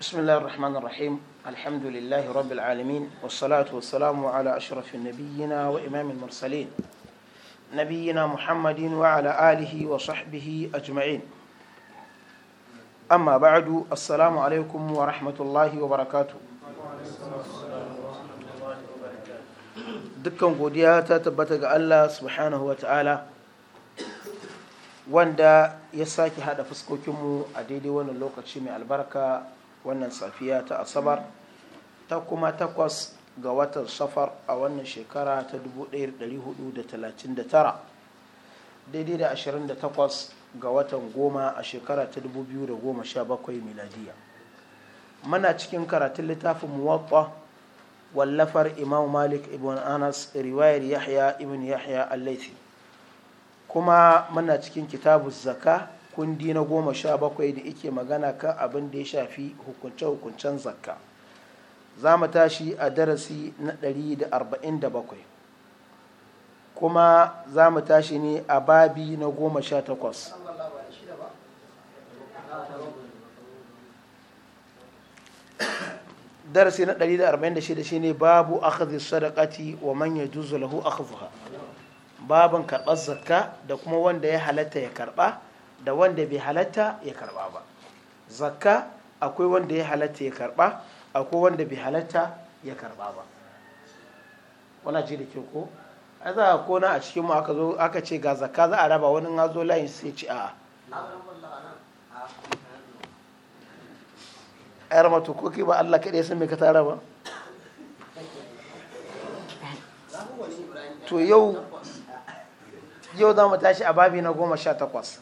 بسم الله الرحمن الرحيم الحمد لله رب العالمين والصلاة والسلام على أشرف النبينا وإمام المرسلين نبينا محمد وعلى آله وصحبه أجمعين أما بعد السلام عليكم ورحمة الله وبركاته dukkan godiya ta tabbata ga Allah subhanahu wa ta'ala wanda ya sake hada fuskokinmu a daidai wannan lokaci mai albarka wannan safiya ta asabar ta kuma takwas ga watan safar a wannan shekara ta 1439 daidai da 28 ga watan goma a shekara ta 2017 miladiya muna cikin karatun littafin muwatta wallafar imam malik ibn anas riwayar yahya ibn yahya al kuma mana cikin kitabu zaka kundi na goma sha bakwai da ike magana kan abin da ya shafi hukunce-hukuncen zakka za mu tashi a darasi na 147 kuma za mu tashi ne a babi na goma sha takwas darasi na 146 shine babu akhdhi sadaqati wa man yajuzu lahu akhdhuha baban karɓar zakka da kuma wanda ya halatta ya karɓa da wanda bai halatta ya karba ba zakka akwai wanda ya halatta ya karba akwai wanda bai halatta ya karba ba wana ji da ke ko ai za a kona a cikin mu aka ce ga zakka za a raba wani ya zo layin sai ci a a ayar mato ko ba Allah kaɗai san me ka tara ba to yau yau za mu tashi a babi na goma sha takwas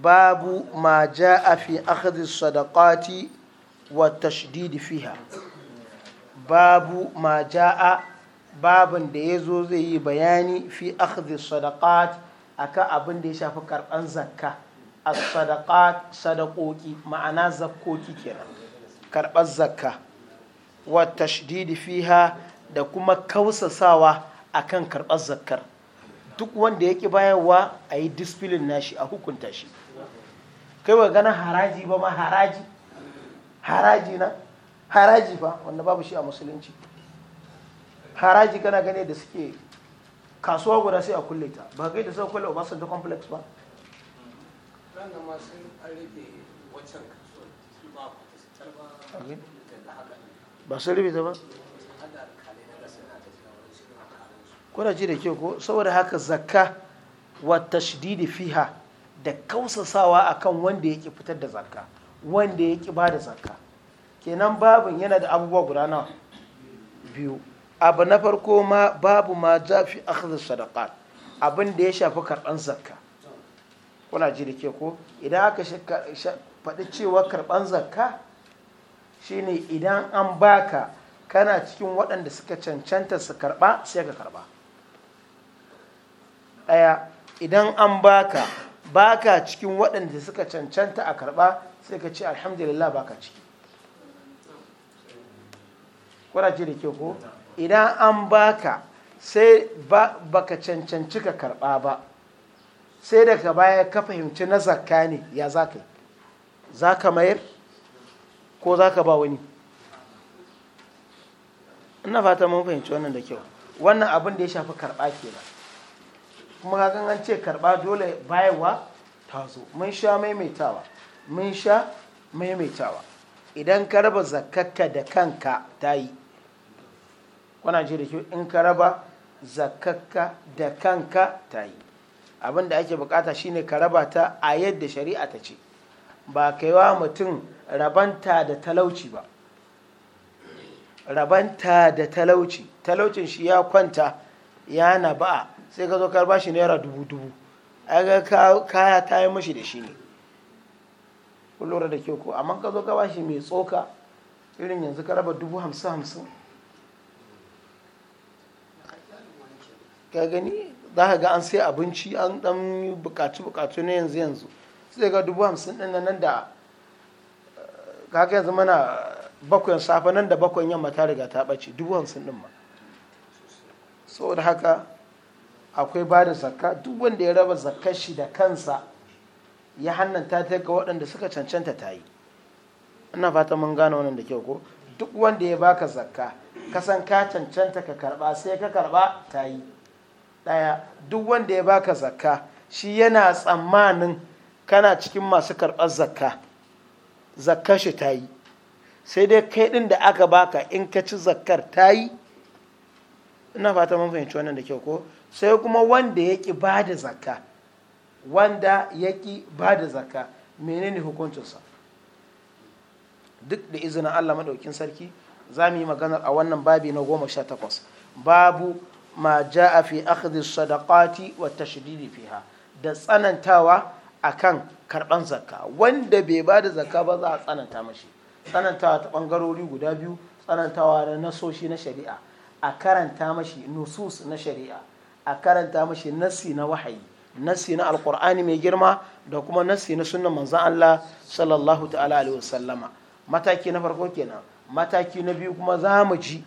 babu ma ja'a fi akhdhi sadaqati wa tashdid fiha babu ma ja'a babin da ya zo zai yi bayani fi akhdhi sadaqat akan abin da ya shafi karɓan zakka a sadaqat sadakoki ma'ana zakkoki kenan karɓar zakka wa tashdidi fiha da kuma kausasawa akan karɓar zakkar duk wanda yake bayarwa a yi na nashi a hukunta shi kai wa ganin haraji ba ma haraji haraji na haraji ba wanda babu shi a musulunci haraji kana gane da suke kasuwa guda sai a kulle ta ba kai da suka kulle da complex ba ba sun rufe ta ba kuna ji da kyau ko saboda haka zakka wa tashdidi fiha da kausasawa a kan wanda yake fitar da zarka wanda yake ba da zakka kenan babin yana da abubuwa guda nawa biyu abu na farko ma babu ma za fi akhdhi sadaqat abin da ya shafi karban zakka kuna ji da ke ko idan aka faɗi cewa karban zakka shine idan an baka kana cikin waɗanda suka cancanta su karba sai ka karba ɗaya idan an baka ba ka cikin waɗanda suka cancanta a karɓa sai ka ce alhamdulillah ba ka ciki kwanace da ke ko idan an baka sai ba ka cancanci ka karɓa ba sai daga baya ka fahimci na zakka ne ya za ka yi za ka mayar ko za ka ba wani ina fata mun fahimci wannan da kyau wannan abin da ya shafi karɓa ba. kuma kakan an ce karba dole bayarwa ta zo mun sha maimaitawa mun sha maimaitawa idan ka raba zakakka da kanka ta yi kuna ji da kyau in ka raba zakakka da kanka ta yi abin da ake bukata shine ka raba ta a yadda shari'a ta ce ba kaiwa mutum rabanta da talauci ba rabanta da talauci talaucin shi ya kwanta ya naba'a sai ka zo ka bashi naira dubu dubu A ga kaya ta yi mashi da shi ne Kullum da kyau ko amma ka zo ka bashi mai tsoka irin yanzu ka raba dubu hamsin hamsin ka gani za ka ga an sai abinci an dan bukatu bukatu na yanzu yanzu sai ga dubu hamsin din nan da kaga yanzu mana bakwai safe nan da bakwai yamma ta riga ta ɓace dubu hamsin din ma saboda haka akwai ba da zakka duk wanda ya raba zakkar shi da kansa ya hannanta ta ga waɗanda suka cancanta ta yi ina fata mun gane wannan da kyau ko duk wanda ya baka zakka kasan ka cancanta ka karba sai ka karba ta yi ɗaya duk wanda ya baka zakka shi yana tsammanin kana cikin masu karɓar zakka zakka shi ta yi sai dai kai ɗin da aka baka in ka ci zakkar ta yi ina fata mun fahimci wannan da kyau ko sai kuma wanda ya ƙi ba da zakka wanda ya ƙi ba da zakka menene hukuncinsa duk da izinin allah maɗaukin sarki za mu yi maganar a wannan babi na goma sha takwas babu ma ja a fi akhdhi sadaqati wa tashdidi fiha da tsanantawa akan karban zakka wanda bai ba da zakka ba za a tsananta mashi tsanantawa ta ɓangarori guda biyu tsanantawa na nasoshi na shari'a a karanta mashi nusus na shari'a a karanta mashi nassi na wahayi nassi na alkur'ani mai girma da kuma nassi na sunan manzan Allah sallallahu ta'ala alaihi wasallama mataki na farko kenan mataki na biyu kuma za mu ji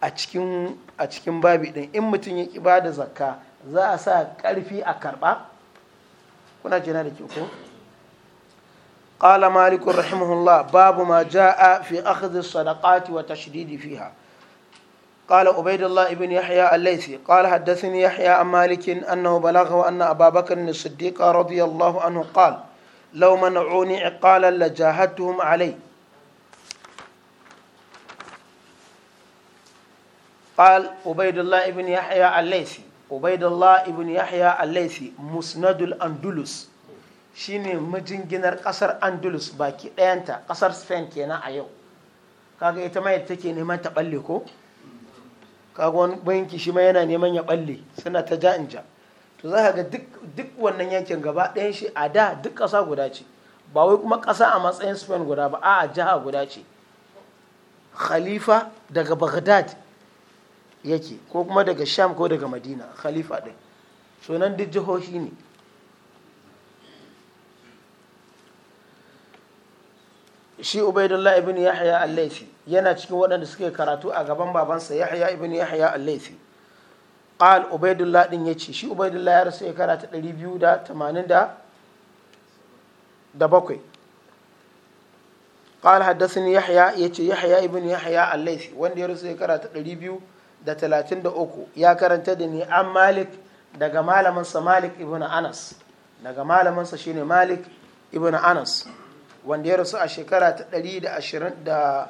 a cikin a cikin babi din in mutum ya ki bada zakka za a sa karfi a karba kuna jina da ke ko قال مالك رحمه الله باب ما جاء في أخذ الصدقات وتشديد فيها قال عبيد الله بن يحيى الليثي قال حدثني يحيى عن مالك أنه بلغه أن أبا بكر الصديق رضي الله عنه قال لو منعوني عقالا لجاهدتهم عليه قال عبيد الله بن يحيى الليثي عبيد الله بن يحيى الليثي مسند الأندلس shine majinginar kasar andalus baki ɗayanta kasar spain kenan a yau kaga ita mai take neman ta balle ko kagon banki shi ma yana neman ya balle suna ta ja in ja to za ka ga duk wannan yankin gaba ɗayan shi a da duk ƙasa guda ce ba wai kuma ƙasa a matsayin spain guda ba a jiha guda ce khalifa daga baghdad yake ko kuma daga sham ko daga madina khalifa ɗin sunan duk jihohi ne shi ubaidullah ibn yahya al-laifi yana cikin waɗanda suke karatu a gaban babansa yahya ibn yahya al-laythi qal ubaidullah din yace shi ubaidullah ya rasu shekara ta 287 qal haddathani yahya yace yahya ibn yahya al-laythi wanda ya rasu shekara ta 233 ya karanta da ni an malik daga malamansa malik ibn anas daga malaminsa shine malik ibn anas wanda ya rasu a shekara ta 120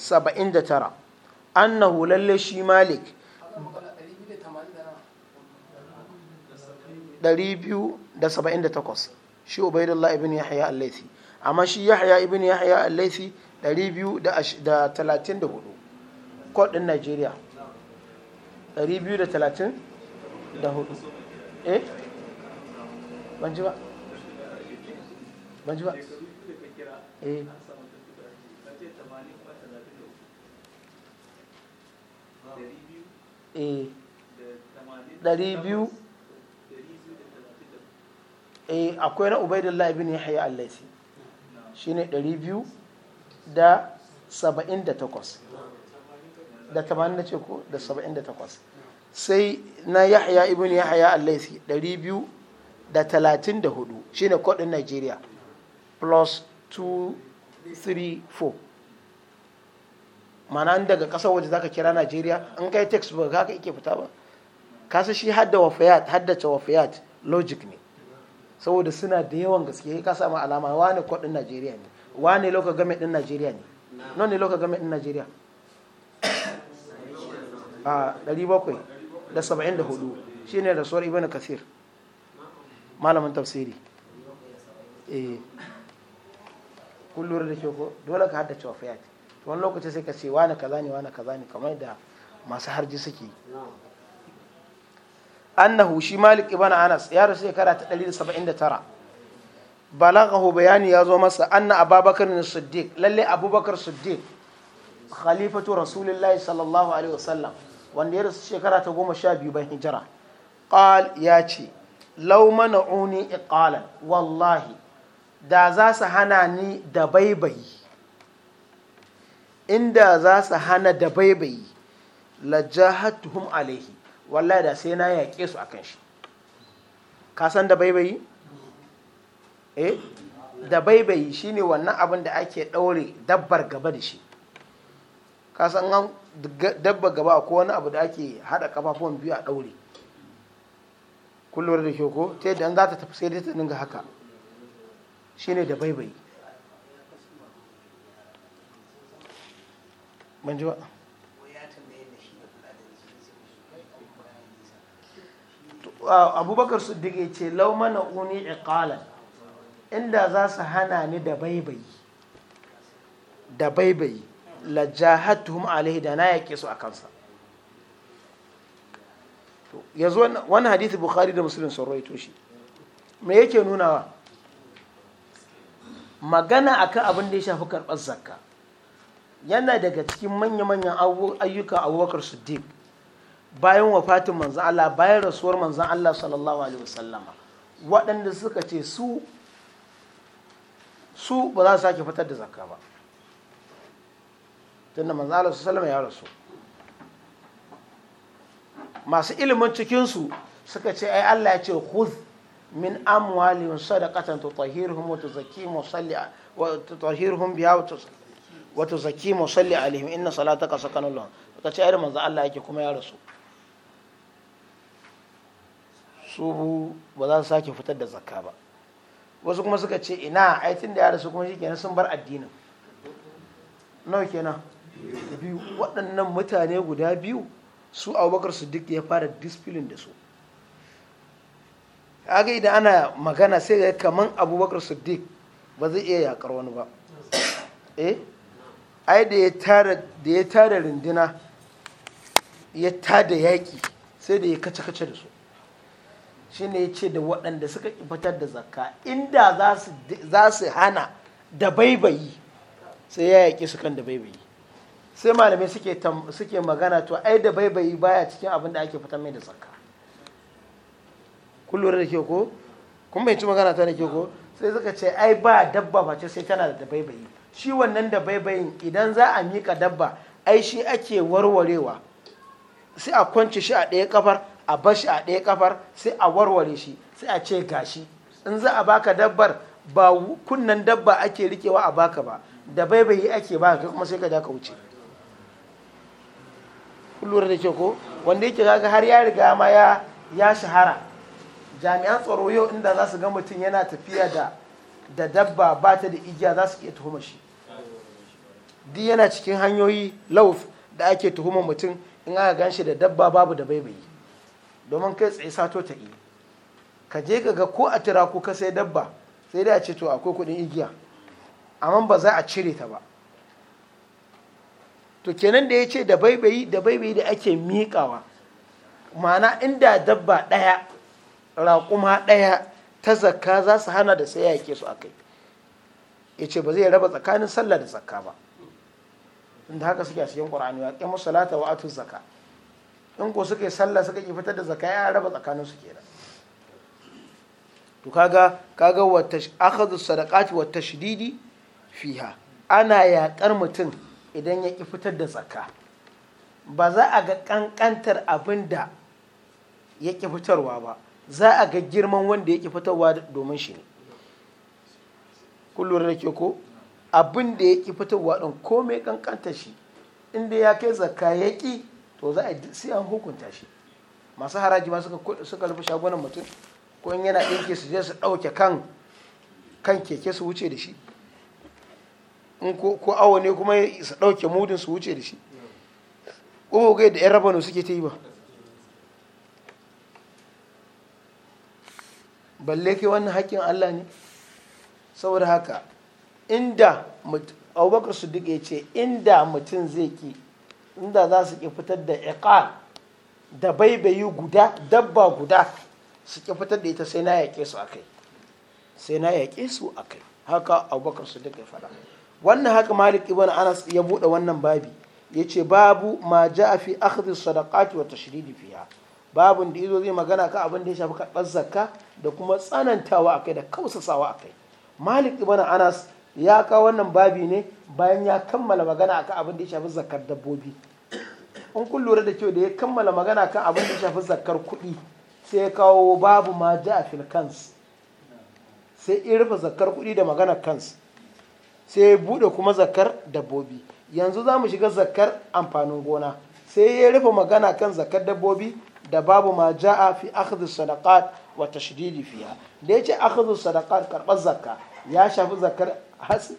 79 annahu lalle shi malik 278 shi ubaidullah ibn yahya al amma shi yahya ibn yahya al-laythi 234 kod din Najeriya 234 eh ban ji ba ban ji ba eh ɗari eh. biyu eh akwai na ubaidullah bin yahya allaisi ne ɗari biyu da saba'in da takwas da tamanin da ce ko da saba'in da takwas sai na yahya ibn yahya allaisi ɗari biyu da talatin da hudu shi ne kodin nigeria plus 234 mana an daga ƙasar waje zaka kira Najeriya an kai textbook haka yake fita ba kasa shi hadda wafiyat haddace wafiyat logic ne saboda suna da yawan gaske ka samu alama wani kwadin Najeriya ne wani local government din Najeriya ne non ne local government din Najeriya a 74 shine da sura Ibn Kathir malamin tafsiri eh kullum da ke ko dole ka haddace wafiyat to wani lokaci sai ka ce wani kaza ne wani kaza ne kamar da masu harji suke annahu shi malik ibn anas ya rasu shekara ta 179 balaghahu bayani ya zo masa anna ababakar siddiq lalle abubakar siddiq khalifatu rasulillahi sallallahu alaihi wasallam wanda ya rasu shekara ta goma sha biyu ban hijira qal ya ce law mana'uni iqalan wallahi da za su hana ni da baibayi inda za su hana da baibayi lajahatuhum alaihi wallahi da sai na yaƙe su akan shi ka san da baibayi eh da baibayi shine wannan abin da ake ɗaure dabbar gaba da shi ka san an dabba gaba ko wani abu da ake haɗa kafafuwan biyu a ɗaure kullum da ke ko ta yadda an za ta tafi sai dai ta dinga haka shine da baibayi ban ji ba abubakar siddiq ya ce laumana uni iqalan inda za su hana ni da baibayi da baibayi lajahatuhum alaihi da na yake su a kansa yanzu wani hadithi bukhari da musulun sun rawaito shi me yake nunawa magana akan abin da ya shafi karɓar zakka yana daga cikin manya-manyan ayyuka abubakar siddiq bayan wafatin manzan Allah bayan rasuwar manzan Allah sallallahu alaihi wasallama waɗanda suka ce su su ba za su sake fitar da zakka ba tunda manzan Allah sallallahu ya rasu masu ilimin cikinsu suka ce ai Allah ya ce huz min amwalihim sadaqatan tutahhiruhum wa tuzakkihim wa salli wa tutahhiruhum biha wa tuzakkihim wata zaki musalli salli alaihim inna salataka sakanun lahum ka ce ai manzo Allah yake kuma ya rasu su ba za su sake fitar da zakka ba wasu kuma suka ce ina ai tun da ya rasu kuma shikenan sun bar addinin nawa kenan biyu waɗannan mutane guda biyu su abubakar siddiq ya fara disfilin da su kaga idan ana magana sai ga kaman abubakar siddiq ba zai iya yakar wani ba eh ai da ya tara rindina ya tada yaƙi sai da ya kace-kace da su shi ne ya ce da waɗanda suka fitar da zakka inda za su hana da baibayi sai ya yaƙi su kan da baibayi sai malamai suke magana to ai da baibayi baya cikin abin da ake fitar mai da zakka kun da ke ko kuma bai ci magana ta da ke ko sai suka ce ai ba dabba ba ce sai tana da baibayi. shi wannan da baibayin idan za a miƙa dabba ai shi ake warwarewa sai a kwance shi a ɗaya kafar a bar shi a ɗaya kafar sai a warware shi sai a ce gashi in za a baka dabbar ba kunnan dabba ake rikewa a baka ba da baibayi ake baka kuma sai ka ja ka wuce lura da ke ko wanda yake har ya riga ma ya shahara jami'an tsaro yau inda za su ga mutum yana tafiya da da dabba ba ta da igiya za su iya tuhumar shi duk yana cikin hanyoyi lauf da ake tuhumar mutum in aka gan shi da dabba babu da baibayi domin kai tsaye sato ta iya ka je ga ko a tira ko ka sai dabba sai dai a ce to akwai kudin igiya amma ba za a cire ta ba to kenan da ya ce da baibayi da baibayi da ake miƙawa Mana inda dabba ɗaya raƙuma ɗaya ta zakka za su hana da sai ya yake su akai ya ce ba zai raba tsakanin sallah da zakka ba inda haka suke a cikin qur'ani ya musu salata wa atu zakka in ko suka yi sallah suka ki fitar da zakka ya raba tsakanin su kenan to kaga kaga wa akhadhu sadaqati wa tashdidi fiha ana yaƙar mutum idan ya ki fitar da zakka ba za a ga kankantar abin da ya ki fitarwa ba za a ga girman wanda yake fitowa domin shi ne kullum da ke ko abin da yake fitowa ɗin ko mai kankanta shi inda ya kai zakka ya ƙi to za a sai an hukunta shi masu haraji ma suka rufe shagunan mutum ko in yana ɗinke su je su ɗauke kan keke su wuce da shi in ko awo ne kuma su ɗauke mudin su wuce da shi ko ga da 'yan rabano suke ta yi ba balle ke wannan hakkin Allah ne saboda haka inda abubakar siddiq ya ce inda mutum zai ki inda za su ki fitar da iqal da baibayi guda dabba guda su ki fitar da ita sai na yaƙe su akai sai na yaƙe su akai haka abubakar siddiq ya faɗa wannan haka malik ibn anas ya buɗe wannan babi ya ce babu ma ja'a fi akhdhi sadaqati wa tashridi fiha babin da izo zai magana ka abin da ya shafi karɓar zakka da kuma tsanantawa akai da kausasawa akai malik ibn anas ya kawo wannan babi ne bayan ya kammala magana akan abin da ya shafi zakkar dabbobi in kun lura da kyau da ya kammala magana kan abin da ya shafi zakkar kuɗi sai ya kawo babu ma ja a filkans sai in rufe zakkar kuɗi da magana kans sai ya buɗe kuma zakkar dabbobi yanzu za mu shiga zakkar amfanin gona sai ya rufe magana kan zakkar dabbobi da babu ma ja'a fi akhdhi sadaqat wa tashdidi fiha da yace akhdhu sadaqat karbar zakka ya shafi zakkar hasi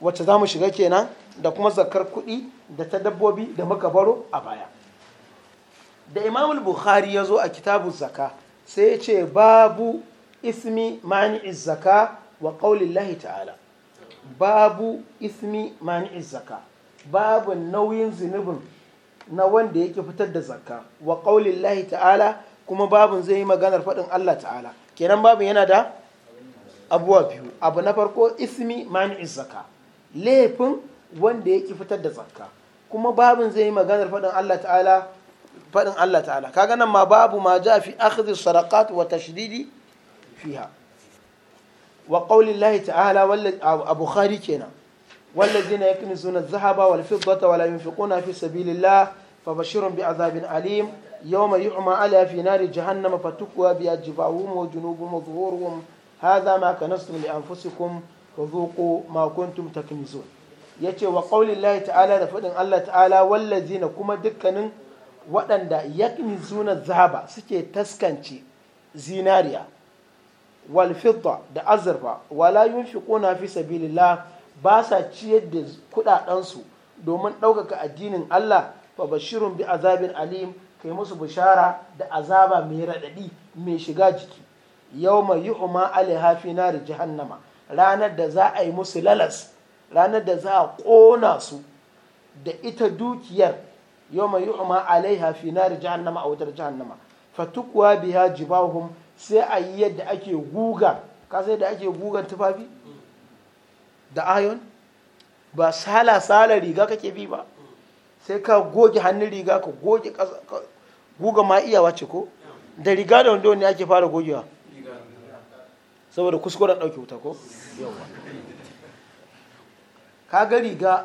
wacce zamu shiga kenan da kuma zakkar kuɗi da ta dabbobi da muka baro a baya da imam bukhari ya zo a kitabu zaka sai yace babu ismi mani zaka wa ƙaulillahi ta'ala babu ismi mani zaka babu nauyin zinubin na wanda yake fitar da zakka wa qaulillahi ta'ala kuma babin zai yi maganar faɗin Allah ta'ala kenan babin yana da abuwa biyu abu na farko ismi mani zakka laifin wanda yake fitar da zakka kuma babin zai yi maganar faɗin Allah ta'ala faɗin Allah ta'ala kaga nan ma babu ma ja fi akhdhi sadaqat wa tashdidi fiha wa qaulillahi ta'ala wal abu khari kenan والذين يكنزون الذهب والفضة ولا ينفقون في سبيل الله فبشرهم بعذاب أليم يوم يحمى عليها في نار جهنم فتكوى بها جباههم وجنوبهم وظهورهم هذا ما كنستم لأنفسكم وذوقوا ما كنتم تكنزون yace wa qaulillahi ta'ala da fadin Allah ta'ala wallazina kuma dukkanin waɗanda yaknizuna zahaba suke taskance zinariya wal da azurfa wala yunfiquna fi ba sa ciyar da kuɗaɗensu domin ɗaukaka addinin Allah fa bashirun bi azabin alim kai musu bishara da azaba mai raɗaɗi mai shiga jiki yawma yu'ma alaiha na da jahannama ranar da za a yi musu lalas ranar da za a ƙona su da ita dukiyar yawma yu'ma alaiha na da jahannama a wutar jahannama fatukwa biha jibahum sai a yi yadda ake guga ka sai da ake guga tufafi da ayon ba sala-sala riga kake bi ba sai ka goge hannun riga ka goge guga ma iyawa ce ko da riga da wando ne ake fara gogewa saboda kuskuren ɗauke wuta ko yawa ka ga riga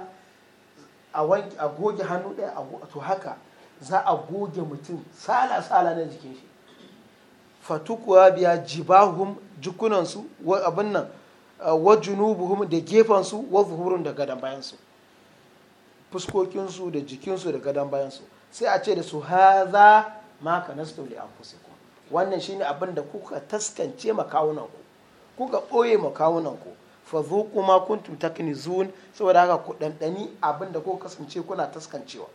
a goge hannu ɗaya to haka za a goge mutum sala-sala na jikin shi fatukuwa biya jibahum jikunansu abin nan Uh, wa junubuhum da gefansu wa zuhurun da gadan bayansu fuskokinsu da jikinsu da gadan bayansu sai a ce da su haza ma kanastum li anfusikum wannan shine abin da kuka taskance makawunanku kuka ɓoye makawunanku fa zuqu ma kuntum taknizun saboda haka ku dandani abin da kuka kasance kuna taskancewa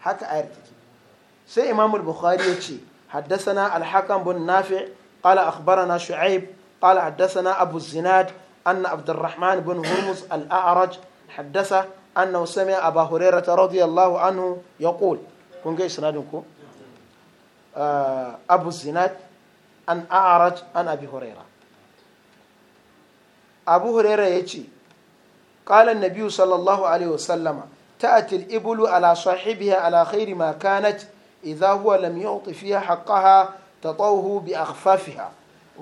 haka ayar take sai imamul bukhari ya ce al-hakam bin nafi qala akhbarana Shu'aib. قال حدثنا أبو الزناد أن عبد الرحمن بن هرمز الأعرج حدث أنه سمع أبا هريرة رضي الله عنه يقول كنت إسنادكم أبو الزناد أن أعرج عن أبي هريرة أبو هريرة يجي قال النبي صلى الله عليه وسلم تأتي الإبل على صاحبها على خير ما كانت إذا هو لم يعط فيها حقها تطوه بأخفافها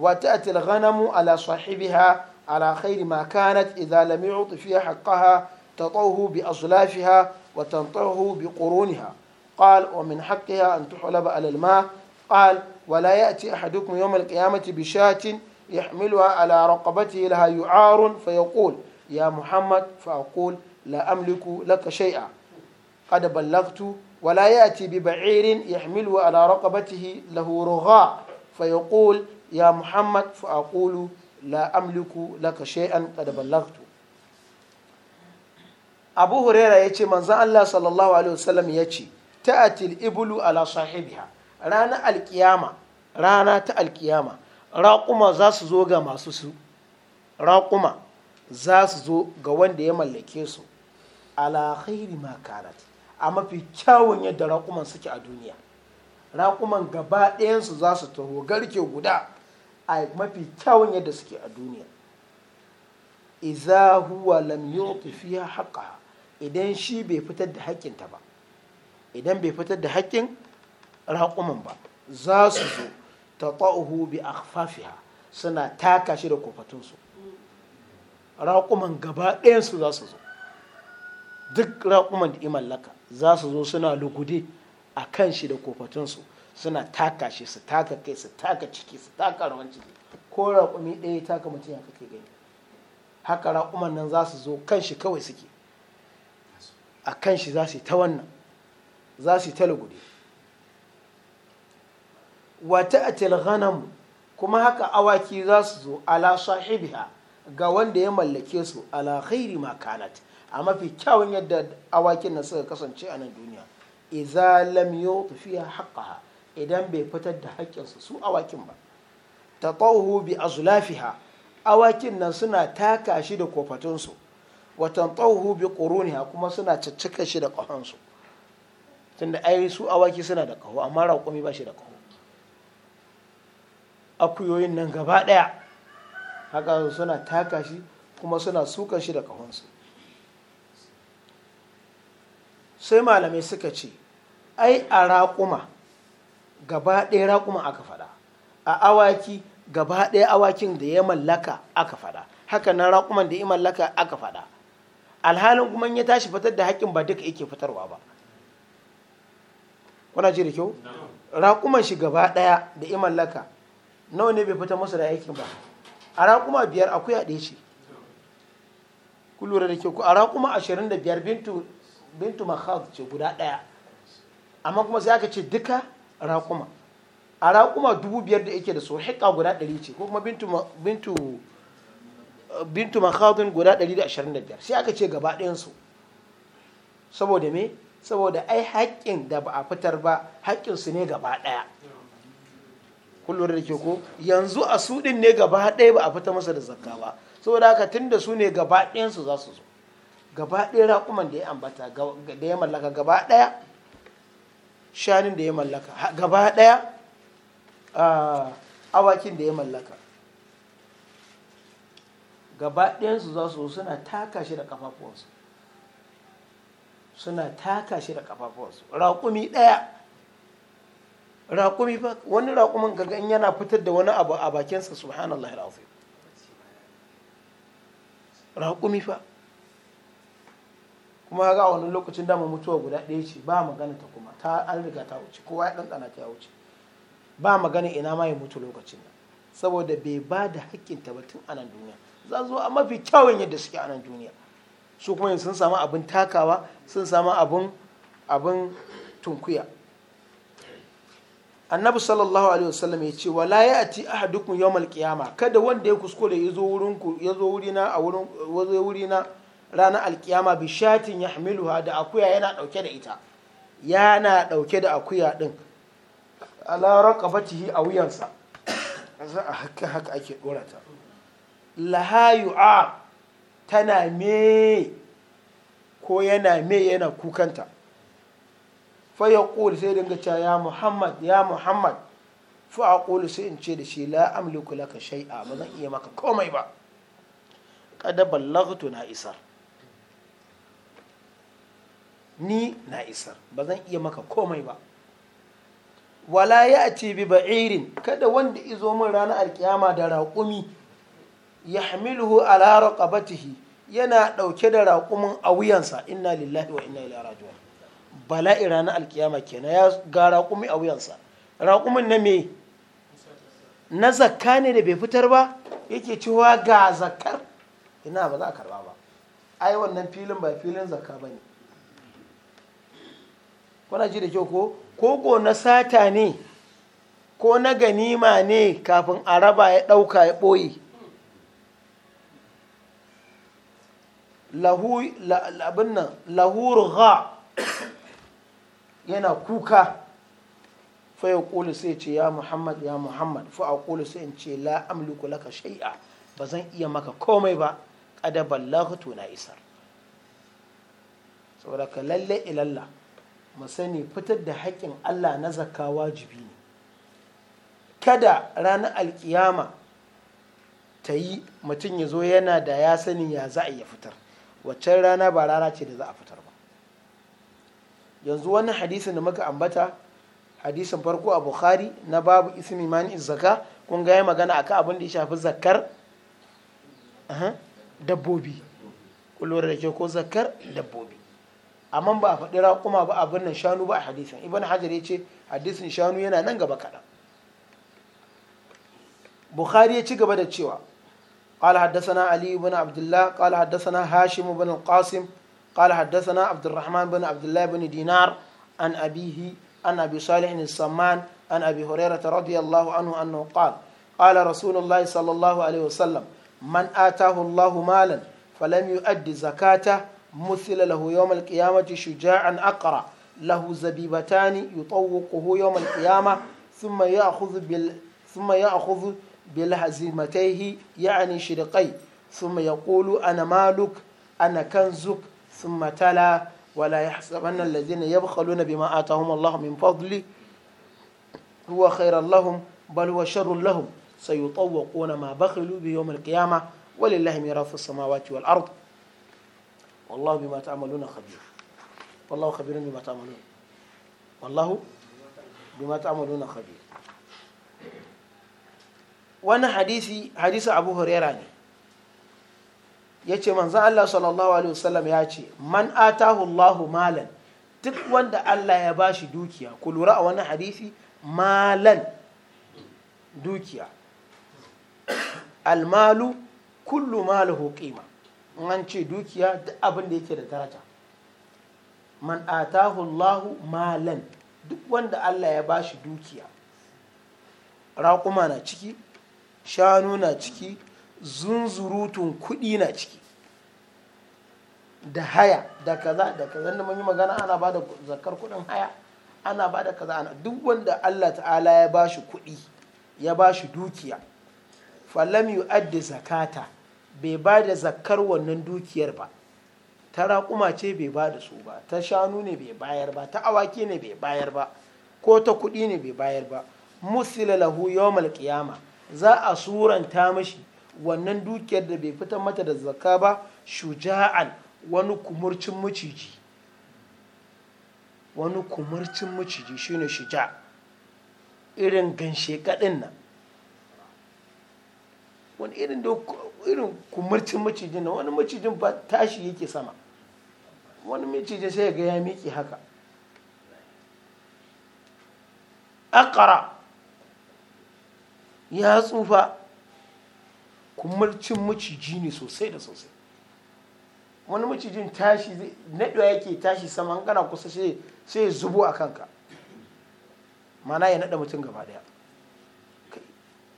وتأتي الغنم على صاحبها على خير ما كانت إذا لم يعط فيها حقها تطوه بأصلافها وتنطعه بقرونها قال ومن حقها أن تحلب على الماء قال ولا يأتي أحدكم يوم القيامة بشاة يحملها على رقبته لها يعار فيقول يا محمد فأقول لا أملك لك شيئا قد بلغت ولا يأتي ببعير يحمله على رقبته له رغاء فيقول ya muhammad fa aqulu la amliku laka shay'an qad ballaghtu abu huraira ya ce manzan allah sallallahu alaihi wasallam ya ce ta'atil ibulu ala sahibiha rana rana ta alkiyama raƙuma za zo ga masu su raƙuma zasu zo ga wanda ya mallake su ala khairi ma a mafi kyawun yadda raƙuman suke a duniya raƙuman gaba ɗayansu zasu su taho garke guda a mafi kyawun yadda suke a duniya iza huwa lam yuti fiha idan shi bai fitar da haƙƙinta ba idan bai fitar da haƙƙin raƙumin ba za su zo ta ta'uhu bi akhfafiha suna taka shi da kofatunsu raƙuman gaba ɗayansu za su zo duk raƙuman da imallaka za su zo suna lugude a kan shi da kofatunsu suna taka shi su taka kai su taka ciki su taka rawan ciki ko raƙumi ɗaya taka mutum ya kake gani haka raƙuman nan za su zo kan shi kawai suke a kan shi za su yi ta wannan za su yi ta lugude wata a ghanam kuma haka awaki za su zo ala sahibiha ga wanda ya mallake su ala khairi makanat a mafi kyawun yadda awakin nan suka kasance a nan duniya idza lam yutifiha haqqaha idan bai fitar da haƙƙinsu su awakin ba ta bi azulafiha awakin nan suna taka shi da kofatunsu watan tsohu bi ha kuma suna caccaka shi da ƙahonsu tunda ai su awaki suna da ƙaho amma raƙumi ba shi da ƙaho akuyoyin nan gaba ɗaya haka suna taka shi kuma suna suka shi da ƙahonsu sai malamai suka ce ai a raƙuma gaba ɗaya raƙuma aka faɗa a awaki gaba ɗaya awakin da ya mallaka aka faɗa haka nan raƙuman da ya mallaka aka faɗa alhalin kuma ya tashi fitar da haƙƙin ba duka yake fitarwa ba kuna ji da kyau raƙuman shi gaba ɗaya da ya mallaka nawa ne bai fita masa da aikin ba a raƙuma biyar akuya ɗaya ce ku lura da kyau a raƙuma ashirin da biyar bintu bintu ce guda ɗaya amma kuma sai aka ce duka raƙuma a raƙuma dubu biyar da yake da su haƙa guda ɗari ce ko kuma bintu makhazin guda ɗari da ashirin da biyar sai aka ce gaba ɗayansu saboda me saboda ai haƙƙin da ba a fitar ba haƙƙinsu ne gaba ɗaya kullum da ke ko yanzu a su ɗin ne gaba ɗaya ba a fita masa da zakka ba saboda haka tun da su ne gaba ɗayansu za su zo gaba ɗaya raƙuman da ya ambata da ya mallaka gaba ɗaya shanin da ya mallaka gaba ɗaya awakin da ya mallaka gaba ɗayansu za su suna taka shi da ƙafafuwansu suna taka shi da ƙafafuwansu raƙumi ɗaya raƙumi ba wani raƙumin gaggan yana fitar da wani abu a bakinsa subhanallah alazim raƙumi fa kuma ga wani lokacin dama mutuwa guda ɗaya ce ba magana ta kuma ta an riga ta wuce kowa ya ɗanɗana ta ya wuce ba magana ina ma ya mutu lokacin nan saboda bai ba da haƙƙin tabbatun a nan duniya za zo a mafi kyawun yadda suke a nan duniya su kuma sun samu abin takawa sun samu abin abin tunkuya annabi sallallahu alaihi wasallam ya ce wala ya ati ahadukum yawmal qiyama kada wanda ya kuskure ya zo wurin ku wurina a wurin wurina ranar alkiyama bishatin shatin yahmiluha da akuya yana dauke da ita yana ɗauke da akuya ɗin ala raqabatihi a wuyansa za a haka haka ake ɗora ta lahayu'a tana me ko yana me yana kukanta fa ya sai dinga cewa ya muhammad ya muhammad fa a sai in ce da shi la amliku laka shai'a ba zan iya maka komai ba kada ballaghtu na isar ni na isar ba zan iya maka komai ba wala ya ce bi ba'irin kada wanda izo min ranar alkiyama da raƙumi ya hamilu alharar ƙabatihi yana ɗauke da raƙumin a wuyansa inna lillahi wa ina ila rajuwa bala'i ranar alkiyama kenan ya ga raƙumi a wuyansa raƙumin na me na zakka ne da bai fitar ba yake cewa ga zakkar ina ba za a karba ba ai wannan filin ba filin zakka ba ne kuna ji da kyau ko koko na sata ne ko na ganima ne kafin a raba ya ɗauka ya ɓoye lahuru nan yana kuka fa ya ƙulu sai ce ya muhammad ya muhammad fa a ƙulu sai in ce la amliku laka shai'a ba zan iya maka komai ba ƙada ballahutu na isar saboda ka lalle ilalla mu fitar da haƙƙin Allah na zakka wajibi ne kada ranar alkiyama ta yi mutum ya zo yana da ya sani ya za a iya fitar waccan rana ba rana ce da za a fitar ba yanzu wani hadisi da muka ambata hadisin farko a bukhari na babu ismi mani zaka kun ga magana akan abin da ya shafi zakar dabbobi kullum da ke ko zakar dabbobi amma ba a faɗi raƙuma ba abin nan shanu ba a hadisin ibn hajar ya ce hadisin shanu yana nan gaba kaɗan bukhari ya ci gaba da cewa قال حدثنا علي بن عبد الله قال حدثنا هاشم بن القاسم قال حدثنا عبد الرحمن بن عبد الله بن دينار عن أبيه عن أبي صالح السمان عن أبي هريرة رضي الله عنه أنه قال قال رسول الله صلى الله عليه وسلم من آتاه الله مالا فلم يؤد زكاته مثل له يوم القيامة شجاعا أقرع له زبيبتان يطوقه يوم القيامة ثم يأخذ بال ثم يأخذ بالهزيمتيه يعني شرقي ثم يقول أنا مالك أنا كنزك ثم تلا ولا يحسبن الذين يبخلون بما آتاهم الله من فضل هو خير لهم بل هو شر لهم سيطوقون ما بخلوا بيوم القيامة ولله ميراث السماوات والأرض wallahu bima ta'maluna khabir wallahu khabirun bima ta'malun wallahu bima ta'maluna khabir wannan hadisi hadisi Abu Huraira ne yace manzo Allah sallallahu alaihi wasallam ya ce man atahu Allahu malan duk wanda Allah ya bashi dukiya ku lura a wani hadisi malan dukiya almalu kullu malahu qima in an ce dukiya duk abin da yake da daraja man atahu Allahu malan duk wanda Allah ya bashi dukiya raƙuma na ciki shanu na ciki zunzurutun kuɗi na ciki da haya da kaza da kaza da mun yi magana ana ba da zakar kuɗin haya ana ba da kaza ana duk wanda Allah ta'ala ya bashi kuɗi ya bashi dukiya falam yu'addi zakata bai ba da zakar wannan dukiyar ba ta raƙuma ce bai ba da su ba ta shanu ne bai bayar ba ta awaki ne bai bayar ba ko ta kuɗi ne bai bayar ba musila lahu yawmal qiyama za a suranta mashi wannan dukiyar da bai fitar mata da zakka ba shuja'an wani kumurcin maciji wani kumurcin maciji shine shuja irin ganshe kaɗin nan wani irin da irin kumurcin macijin na wani macijin ba tashi yake sama wani macijin sai ga ya miƙe haka akara ya tsufa kumurcin maciji ne sosai da sosai wani macijin tashi naɗuwa yake tashi sama an kana kusa sai ya zubo a kanka mana ya naɗa mutum gaba daya.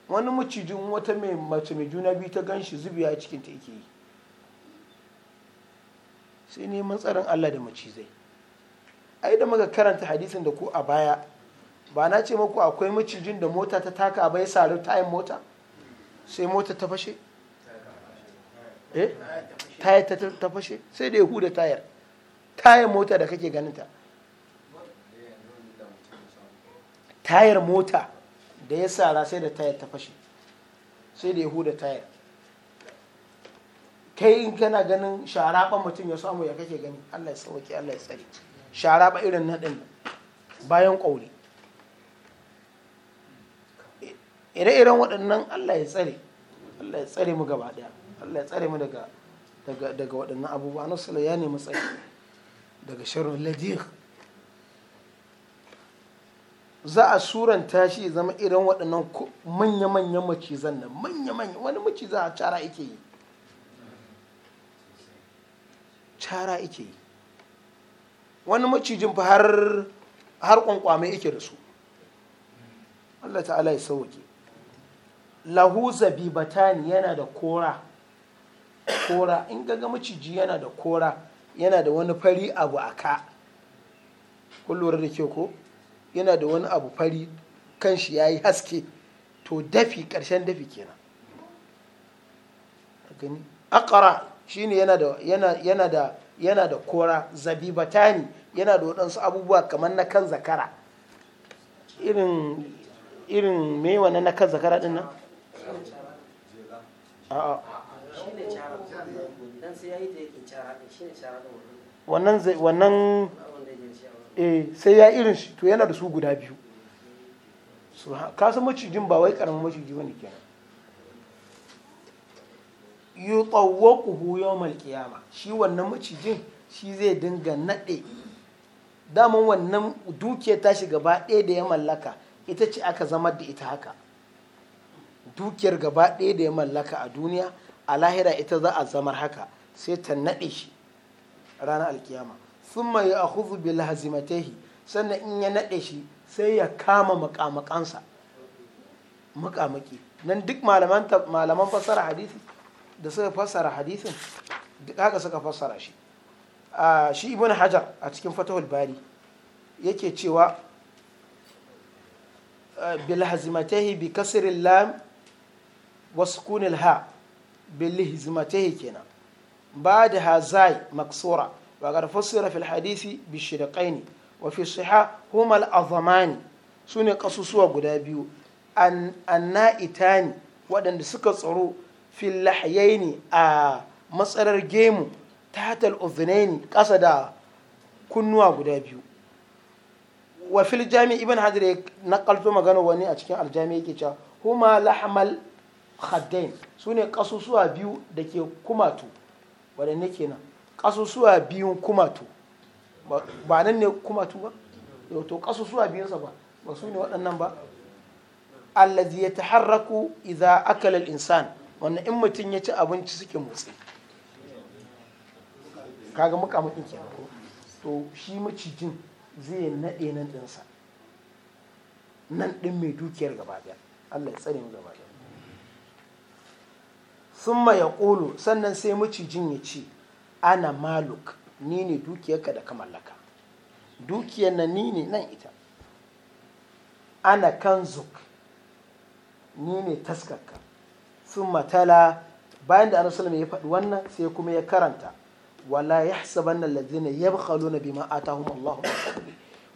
wani macijin wata mai mace mai juna biyu ta gan shi zubiya cikin ta yake yi sai neman tsarin Allah da macizai ai da muka karanta hadisin da ku a baya ba na ce maku akwai macijin da mota ta taka bai sari tayin mota sai mota ta fashe eh tayar ta fashe sai da ya huda tayar tayar mota da kake ganin ta tayar mota da ya sara sai da tayar ta fashe sai da ya huda tayar kai in kana ganin sharaɓa mutum ya samu ya kake gani allah ya sauke allah ya tsare sharaɓa irin naɗin bayan ƙauri ire-iren waɗannan allah ya tsare allah ya tsare mu gaba ɗaya allah ya tsare mu daga daga waɗannan abubuwa na ya nemi tsare daga sharon ladir za a suranta shi zama irin waɗannan manya-manyan macizan nan manya-manyan wani maciza a cara ike yi cara ike yi wani macijin fa har har ike da su Allah ta'ala ya sauke lahu zabibatani yana da kora kora in gaga maciji yana da kora yana da wani fari abu a ka kullum da ke ko yana da wani abu fari kan shi ya yi haske to dafi ƙarshen dafi kenan gani akara shi ne yana da kora zabi kora zabibatani yana da waɗansu abubuwa kamar na kan zakara irin maiwa na kan zakara din nan a'a wannan eh sai ya irin shi to yana da su guda biyu ka san macijin ba wai karamin maciji wani kenan yi tsawakuhu yawmal qiyama shi wannan macijin shi zai dinga naɗe daman wannan dukiya ta shi gaba ɗaya da ya mallaka ita ce aka zama da ita haka dukiyar gaba ɗaya da ya mallaka a duniya a lahira ita za a zamar haka sai ta naɗe shi ranar alkiyama sun ya akhudhu bil sannan in ya naɗe shi sai ya kama makamakansa makamaki nan duk malaman fassara hadisi da suka fassara hadisin duk haka suka fassara shi a shi ibn hajar a cikin fatahul bari yake cewa bil hazimatahi bi kasril lam wa sukunil ha bil hazimatahi kenan ba da hazai maksura waƙar fasinja na filaxadisi bi shida ƙaini waƙar fasinja umar a zamanin su kasusuwa guda biyu a na ita ni waɗanda suka tsaro filaxyeni a matsalar gemu ta taloɗineni ƙasa da kunnuwa guda biyu wa fili jami'a ban haɗiri da naƙaltu magana wani a cikin aljamia ya ƙi ci hu mara laxmal haddain su ƙasusuwa biyu da ke kumatu waɗannan kenan. ƙasusuwa biyun kumatu ba nan ne kumatu ba yau to ƙasusuwa biyunsa ba ba su ne waɗannan ba allazi ya taharraku idza akala insan wannan in mutum ya ci abinci suke motsi kaga mukamukin ke ko to shi macijin zai naɗe nan ɗinsa nan ɗin mai dukiyar gaba ɗaya allah ya tsare mu gaba ɗaya sun ya ƙolo sannan sai macijin ya ce ana maluk ni ne dukiyarka da ka mallaka dukiyar na ni ne nan ita ana kanzuk ni ne taskarka sun matala bayan da anasulama ya faɗi wannan sai kuma ya karanta wala ya saban nan lazina ya bakalo na bi a tahun allahu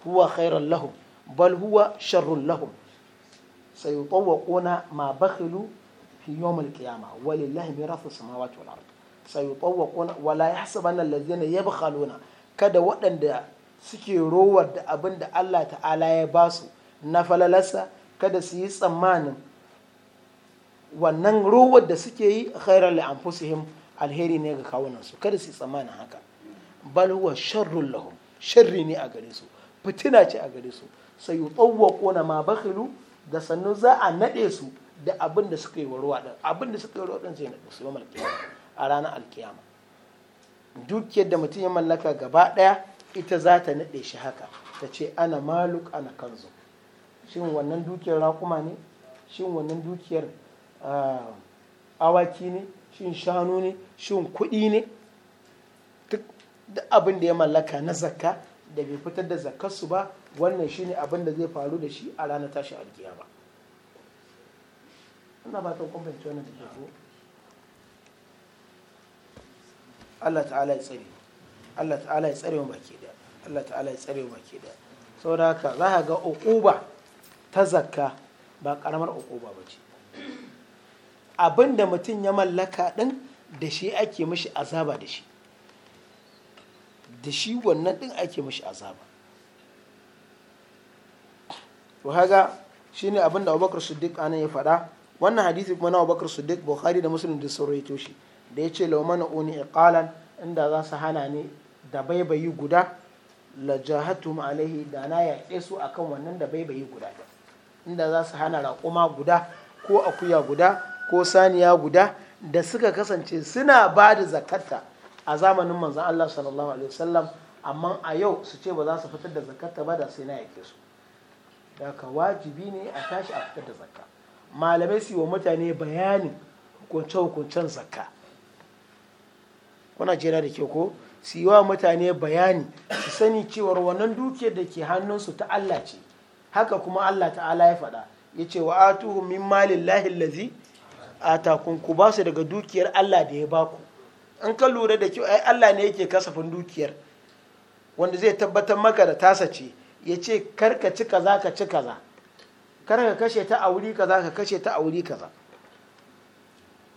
huwa khairan lahum bal huwa sharrun lahum sai yi tsawakona ma bakhilu fi yawon alkiyama walillahi mirasu samawati wal ardh sayutawwaquna wala yahsabanna allazina yabkhaluna kada waɗanda suke rowar da abin da Allah ta'ala ya ba su na falalasa kada su yi tsammanin wannan rowar da suke yi khairar li anfusihim alheri ne ga kawunansu kada su yi tsammanin haka bal huwa sharrul lahum sharri ne a gare su fitina ce a gare su sai ma bakhilu da sannu za a nade su da abin da suka yi warwa abin da suka yi warwa din na su a ranar alkiyama dukiyar da mutum ya mallaka gaba ɗaya ita za ta naɗe shi haka ta ce ana maluk ana kanzo shin wannan dukiyar rakuma ne shin wannan dukiyar ah, awaki ne shin shanu ne shin kuɗi ne duk abin da ya mallaka na zakka da bai fitar da zakkarsu ba wannan shine abin da zai faru da shi a ranar tashi alkiyama ina ba ta kwamfanci wannan da ke Allah ta'ala ya tsare Allah ta'ala ya tsare mu baki da Allah ta'ala ya tsare mu baki da saboda haka za ka ga uquba ta zakka ba karamar uquba ba ce abinda mutum ya mallaka din da shi ake mishi azaba da shi da shi wannan din ake mishi azaba to haga shine abinda Abubakar Siddiq anan ya faɗa wannan hadisi kuma na Abubakar Siddiq Bukhari da Muslim da sun rawaito shi da ya ce laumana uni iqalan inda za su hana ni da baibayi guda la jahatu alaihi da na yaƙe su kan wannan da baibayi guda inda za su hana raƙuma guda ko akuya guda ko saniya guda da suka kasance suna ba da zakatta a zamanin manzan Allah sallallahu alaihi wasallam amma a yau su ce ba za su fitar da zakatta ba da sai na yake su daga wajibi ne a tashi a fitar da zakka malamai su yi wa mutane bayanin hukunce-hukuncen zakka kuna jera da ke ko su yi wa mutane bayani su sani cewar wannan dukiyar da ke hannunsu ta Allah ce haka kuma Allah ta'ala ya faɗa ya ce wa atuhu min malin lazi a ku ba su daga dukiyar Allah da ya baku in ka lura da kyau ai Allah ne yake kasafin dukiyar wanda zai tabbatar maka da tasa ce ya ce karka ci kaza ka ci kaza ka kashe ta a wuri kaza ka kashe ta a wuri kaza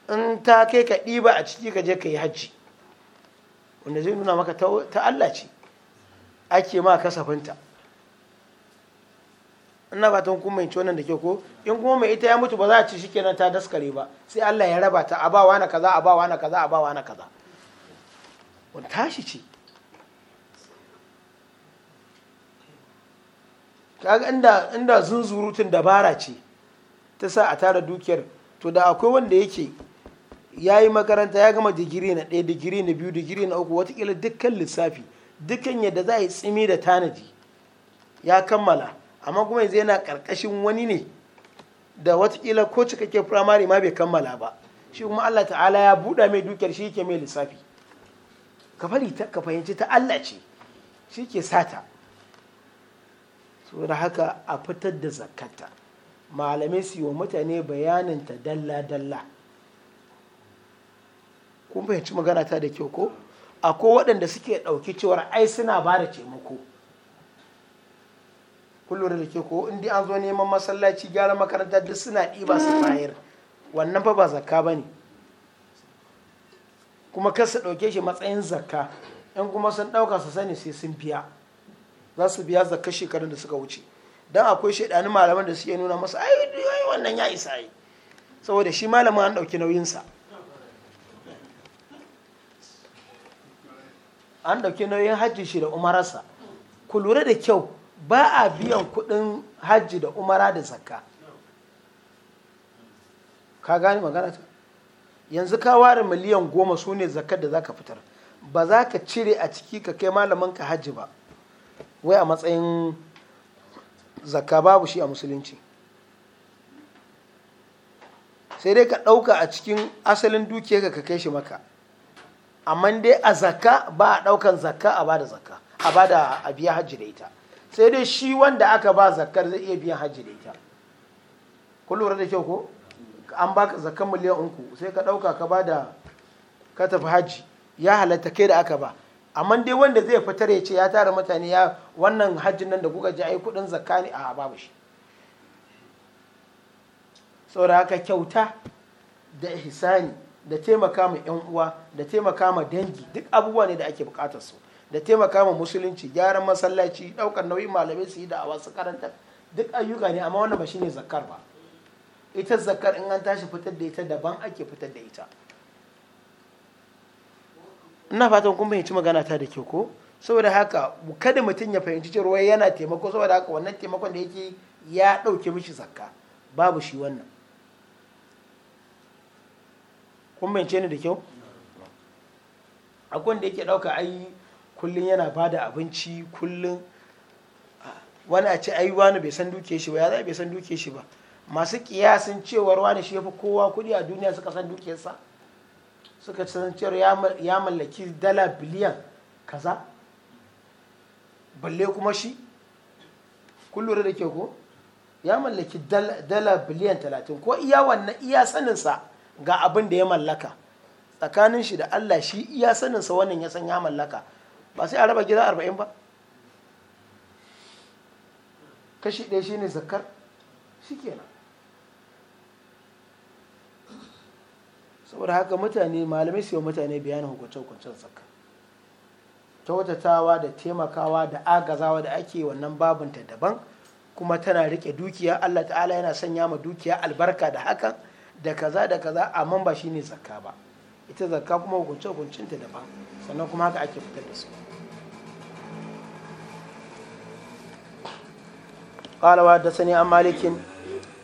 in ta kai ka ɗiba a ciki ka je ka yi hajji wanda zai nuna maka ta Allah ce ake ma kasafinta ina ta kun mai wannan da ke ko in kuma mai ita ya mutu ba za a ci shi kenan ta daskare ba sai Allah ya raba ta abawa na kaza abawa na kaza abawa na kaza wani tashi ce kaga inda inda zunzurutun dabara ce ta sa a tara dukiyar to da akwai wanda yake ya yi makaranta ya gama digiri na ɗaya digiri na biyu digiri na uku watakila dukkan lissafi dukkan yadda za a yi tsimi da tanadi ya kammala amma kuma yanzu yana ƙarƙashin wani ne da watakila ko cikakke firamare ma bai kammala ba shi kuma allah ta'ala ya buɗa mai dukiyar shi ke mai lissafi ka ka fahimci ta allah ce shi ke sata saboda haka a fitar da zakata malamai su yi wa mutane bayanin ta dalla-dalla kun fahimci magana ta da kyau ko akwai waɗanda suke ɗauki cewar ai suna ba da taimako kullum da ke ko in an zo neman masallaci gyara makaranta duk suna ɗiba su bayar wannan fa ba zakka ba ne kuma kar su ɗauke shi matsayin zakka in kuma sun ɗauka su sani sai sun biya za su biya zakka shekarun da suka wuce don akwai shaidanin malaman da suke nuna masa ai wannan ya isa yi saboda shi malamin an ɗauki nauyinsa an ɗauki nauyin hajji shi da umararsa ku lura da kyau ba a biyan kuɗin hajji da umara da zakka ka gane magana ta yanzu ka ware miliyan goma su ne zakkar da za ka fitar ba za ka cire a ciki ka kai malamin ka hajji ba wai a matsayin zakka babu shi a musulunci sai dai ka ɗauka a cikin asalin dukiyarka ka kai shi maka amma dai a zakka ba a ɗaukan zakka a bada zakka a bada a biya hajji da ita sai dai shi wanda aka ba zakkar zai iya biyan hajji da ita kun lura da kyau ko an baka zakkan miliyan uku sai ka ɗauka ka bada ka tafi hajji ya halatta kai da aka ba amma dai wanda zai fitar ya ce ya tara mutane ya wannan hajjin nan da kuka ji ai kudin zakka ne a babu shi saboda haka kyauta da ihsani da taimaka ma yan uwa da taimaka ma dangi duk abubuwa ne da ake bukatar su da taimaka ma musulunci gyaran masallaci daukar nauyin malamai su yi da awa su karanta duk ayyuka ne amma wannan ba shine zakar ba ita zakar in an tashi fitar da ita daban ake fitar da ita ina fatan kun fahimci magana ta da ke ko saboda haka kada mutum ya fahimci cewa yana taimako saboda haka wannan taimakon da yake ya ɗauke mishi zakka babu shi wannan kun bance ni da kyau akwai wanda yake ɗauka ai kullum yana bada abinci kullum wani a ce ai wani bai san duke shi ba ya za bai san duke shi ba masu kiyasin cewar wani shi ya fi kowa kuɗi a duniya suka san sa suka san cewar ya mallaki dala biliyan kaza balle kuma shi kullum da ke ko ya mallaki dala biliyan talatin ko iya wannan iya saninsa ga abin da ya mallaka tsakanin shi da Allah shi iya saninsa wannan ya san ya mallaka ba sai a raba gida arba'in ba kashi ɗaya shi ne zakar shi kenan saboda haka mutane malamai su mutane bayanin hukuncin hukuncin zakar kyautatawa da taimakawa da agazawa da ake wannan babinta daban kuma tana rike dukiya allah ta'ala yana sanya ma dukiya albarka da hakan da kaza da kaza amma ba shine zakka ba ita zakka kuma hukunce hukuncinta daban sannan kuma haka ake fitar da su قال وحدثني عن مالك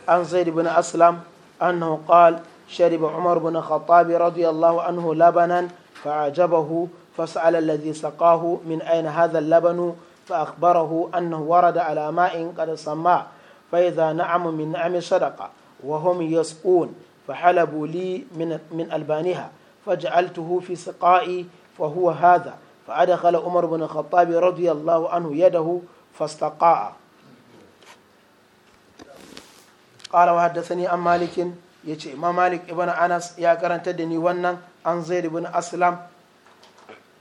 عن زيد بن أسلم أنه قال شرب عمر بن الخطاب رضي الله عنه لبنا فعجبه فسأل الذي سقاه من أين هذا اللبن فأخبره أنه ورد على ماء قد سماه فإذا نعم من نعم صدقه وهم يسقون فحلبوا لي من, من ألبانها فجعلته في سقائي فهو هذا فأدخل عمر بن الخطاب رضي الله عنه يده فاستقاء قال وحدثني عن مالك يجي ما مالك ابن أنس يا كرنت دني ونن عن زيد بن أسلم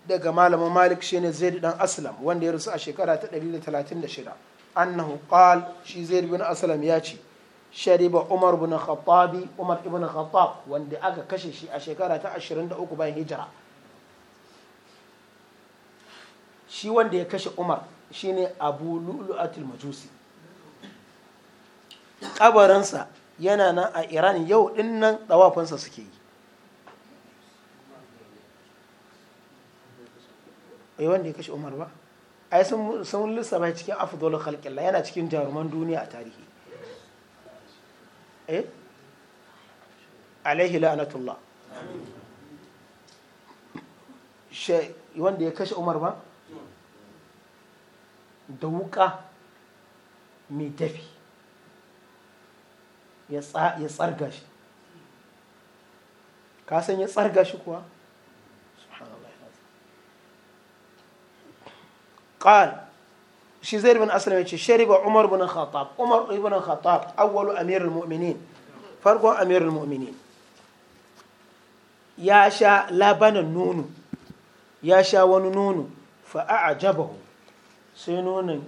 daga malamin malik shine zaid dan aslam wanda ya rusu a shekara ta 136 annahu qal shi zaid bin aslam ya ce shariba umar ibn khattabi umar ibn khattab wanda aka kashe shi a shekara ta 23 bayan hijira shi wanda ya kashe umar shine abu lu'lu'atul majusi kabarinsa yana nan a iran yau dinnan tsawafinsa suke yi ai eh, wanda ya kashe umar ba ai sun lissafa cikin afdolin khalqillah yana cikin jaruman duniya a tarihi eh alaihi la'anatullah wanda ya kashe umar ba da wuka mai dafi ya tsarga shi kasan ya tsarga shi kuwa قال shi zaid bin aslam ya ce shariba umar bin khattab umar ibn khattab awwalu amirul mu'minin farkon amirul mu'minin ya sha labanan nono ya sha wani nono fa a'jabahu sai nonon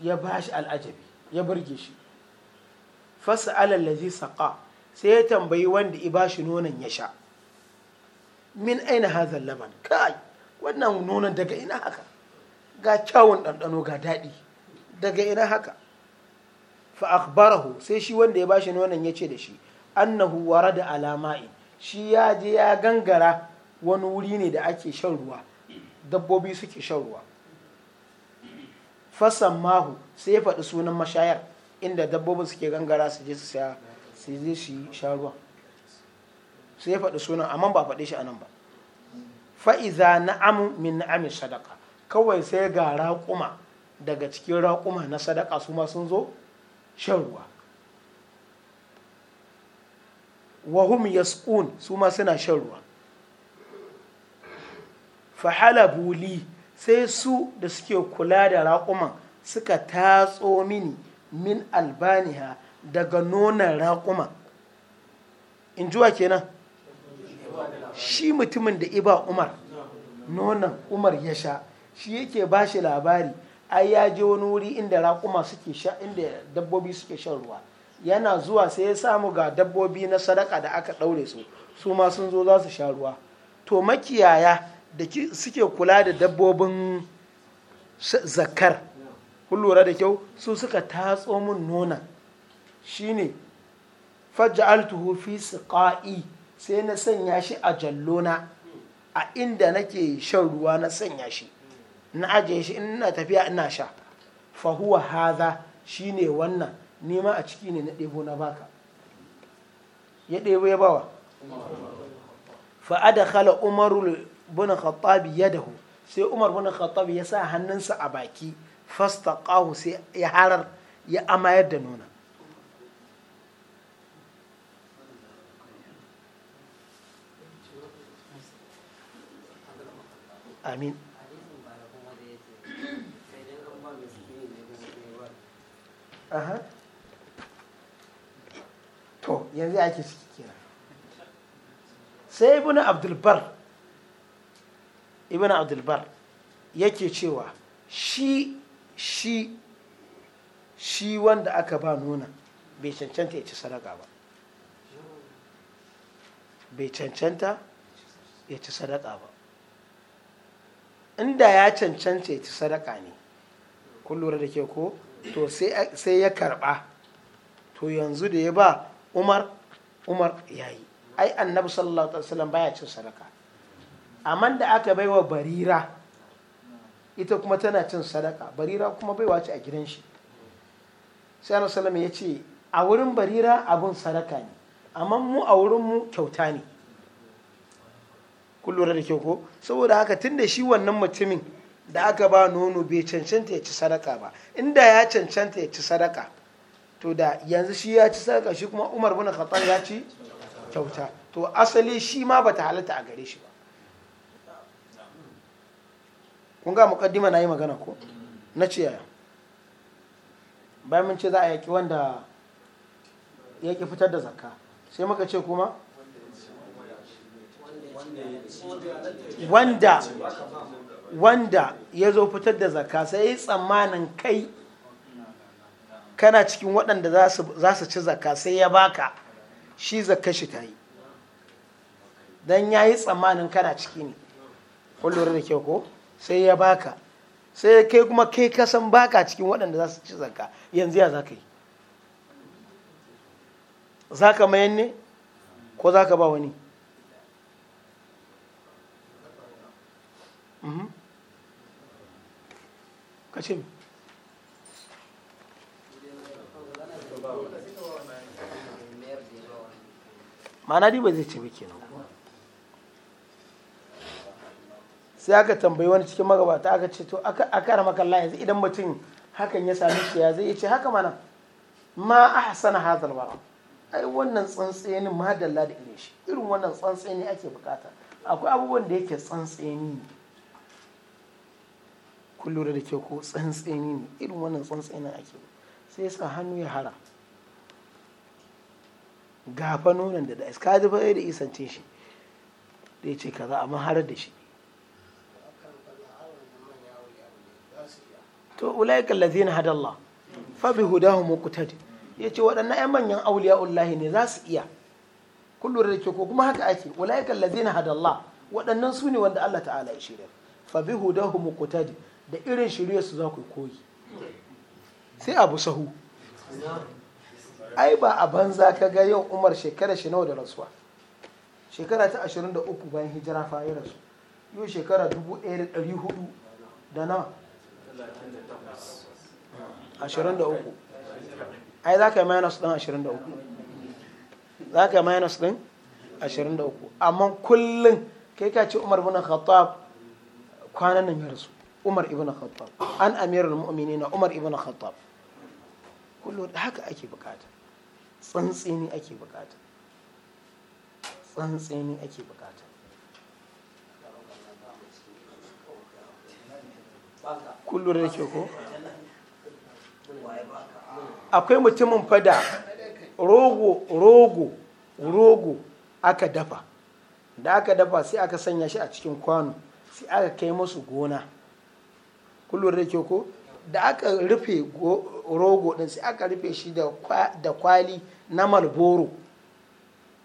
ya bashi al'ajabi ya burge shi fas'ala allazi saqa sai ya tambayi wanda ya bashi nonon ya sha min aina hadha laban kai wannan nonon daga ina haka ga kyawun ɗanɗano ga daɗi daga ina haka fa akhbarahu sai shi wanda ya bashi nonon ya ce da shi annahu da alama'in shi ya je ya gangara wani wuri ne da ake shan ruwa dabbobi suke shan ruwa fasan mahu sai ya faɗi sunan mashayar inda dabbobin suke gangara su je su sha su je su sha ruwa sai ya faɗi sunan amma ba faɗi shi a nan ba fa'iza na'am min na'amin sadaka kawai sai ga raƙuma daga cikin raƙuma na sadaka su ma sun zo shan ruwa wahum yasqun su ma suna shan ruwa fahalabu buli sai su da suke kula da raƙuman suka tatso mini min albaniha daga nonon raƙuman in juwa kenan shi mutumin da iba umar nonon umar ya sha shi yake ba shi labari ai ya je wani wuri inda raƙuma suke sha inda dabbobi suke shan ruwa yana zuwa sai ya samu ga dabbobi na sadaka da aka ɗaure su su ma sun zo za su sha ruwa to makiyaya da suke kula da dabbobin zakar kun da kyau su suka tatso min nonon shine faj'altuhu fi siqa'i sai na sanya shi a jallona a inda nake shan ruwa na sanya shi na ajiye shi ina tafiya ina sha fa huwa hadha shine wannan nima a ciki ne na ɗebo na baka ya ɗebo ya bawa fa adkhala umaru bin khattab yadahu sai umar bin khattab ya sa hannunsa a baki fastaqahu sai ya harar ya amayar da nuna amin to yanzu ake suke kira sai ibn abdulbar ibn abdulbar yake cewa shi shi shi wanda aka ba nuna bai cancanta ya ci sadaka ba bai cancanta ya ci sadaka ba inda ya cancanta ya ci sadaka ne kun lura da ke ko to sai ya karba to yanzu da ya ba umar umar ya yi ai annabi sallallahu alaihi wasallam baya cin sadaka amma da aka baiwa barira ita kuma tana cin sadaka barira kuma baiwa ce a gidan shi sai annabi sallallahu ya ce a wurin barira abun sadaka ne amma mu a wurin mu kyauta ne Kullum da kyau ko saboda haka tunda shi wannan mutumin da aka ba nono bai cancanta ya ci sadaka ba inda ya cancanta ya ci sadaka to da yanzu shi ya ci sadaka shi kuma umar bin khattab ya ci kyauta to asali shi ma bata halatta a gare shi ba kun ga mukaddima na yi magana ko na ce yaya bai mun ce za a yaki wanda ya fitar da zakka sai muka ce kuma wanda wanda ya zo fitar da zakka sai ya tsammanin kai kana cikin waɗanda za su ci zakka sai ya baka shi zakka shi ta yi don ya yi tsammanin kana ciki ne kullum da kyau ko sai ya baka sai kai kuma kai kasan baka cikin waɗanda za su ci zakka yanzu ya za ka yi za ka mayan ne ko za ka ba wani mm -hmm. ka mana dai ba zai ce ba kenan sai aka tambayi wani cikin magabata aka ce to aka rama kalla yanzu idan mutum hakan ya sami shi ya zai ce haka mana ma ahsana hadal wara ai wannan tsantsenin madalla da ilishi. irin wannan tsantseni ake bukata akwai abubuwan da yake tsantseni kun lura da kyau ko tsantseni ne irin wannan tsantsenin ake sai sa hannu ya hara gafa nonon da da'is ka ji fa da isancin shi da ya ce kaza a harar da shi to ulaika allazina hadallah fa bihudahum muqtadi ce waɗannan 'yan manyan Allah ne za su iya kun lura da ke ko kuma haka ake ulaika allazina hadallah waɗannan su ne wanda Allah ta'ala ya shirya fa hudahu muqtadi da irin shirya su za ku koyi sai abu sahu ai ba a banza ka ga yau umar shekara shi nawa da rasuwa shekara ta 23 bayan hijira fa ya rasu yau shekara 1400 da na 23 ai za ka yi minus ɗin 23 za ka yi minus ɗin 23 amma kullum kai ka ce umar bin khattab kwanan nan ya rasu umar ibn khattab an amirul mu'minin umar ibn khattab kullum haka ake bukata tsantseni ake bukata tsantseni ake bukata kullu da ke ko akwai mutumin fada rogo rogo rogo aka dafa da aka dafa sai aka sanya shi a cikin kwano sai aka kai musu gona kullum da ke ko da aka rufe rogo din sai aka rufe shi da kwali na malboro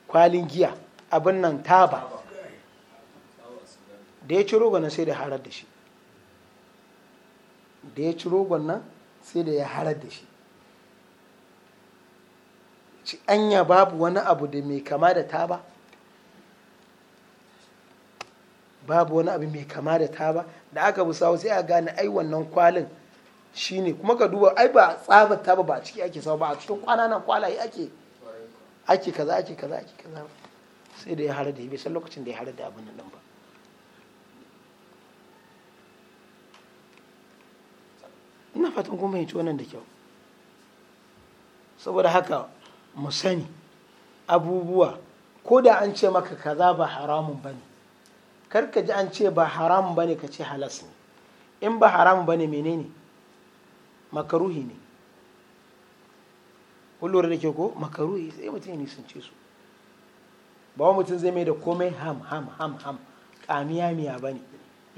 kwalin giya abin nan taba da ya ci rogo nan sai da harar da shi da ya ci rogon nan sai da ya harar da shi ci anya babu wani abu da mai kama da taba babu wani abu mai kama da taba da aka bi sawo sai a gane ai wannan kwalin shine kuma ka duba ai ba tsabar taba ba a ciki ake sawo ba a cikin kwana kwala kwalaye ake ake kaza ake kaza ake kaza sai da ya hara da bai san lokacin da ya hara da abin nan ba ina fatan kuma fahimci wannan da kyau saboda haka mu sani abubuwa ko da an ce maka kaza ba haramun ba ne kar ka ji an ce ba haram ba ne ka ce halas ne in ba haram ba ne menene makaruhi ne kullum da ke ko makaruhi sai mutum ya nisance su ba wa mutum zai mai da komai ham ham ham ham kamiya miya ba ne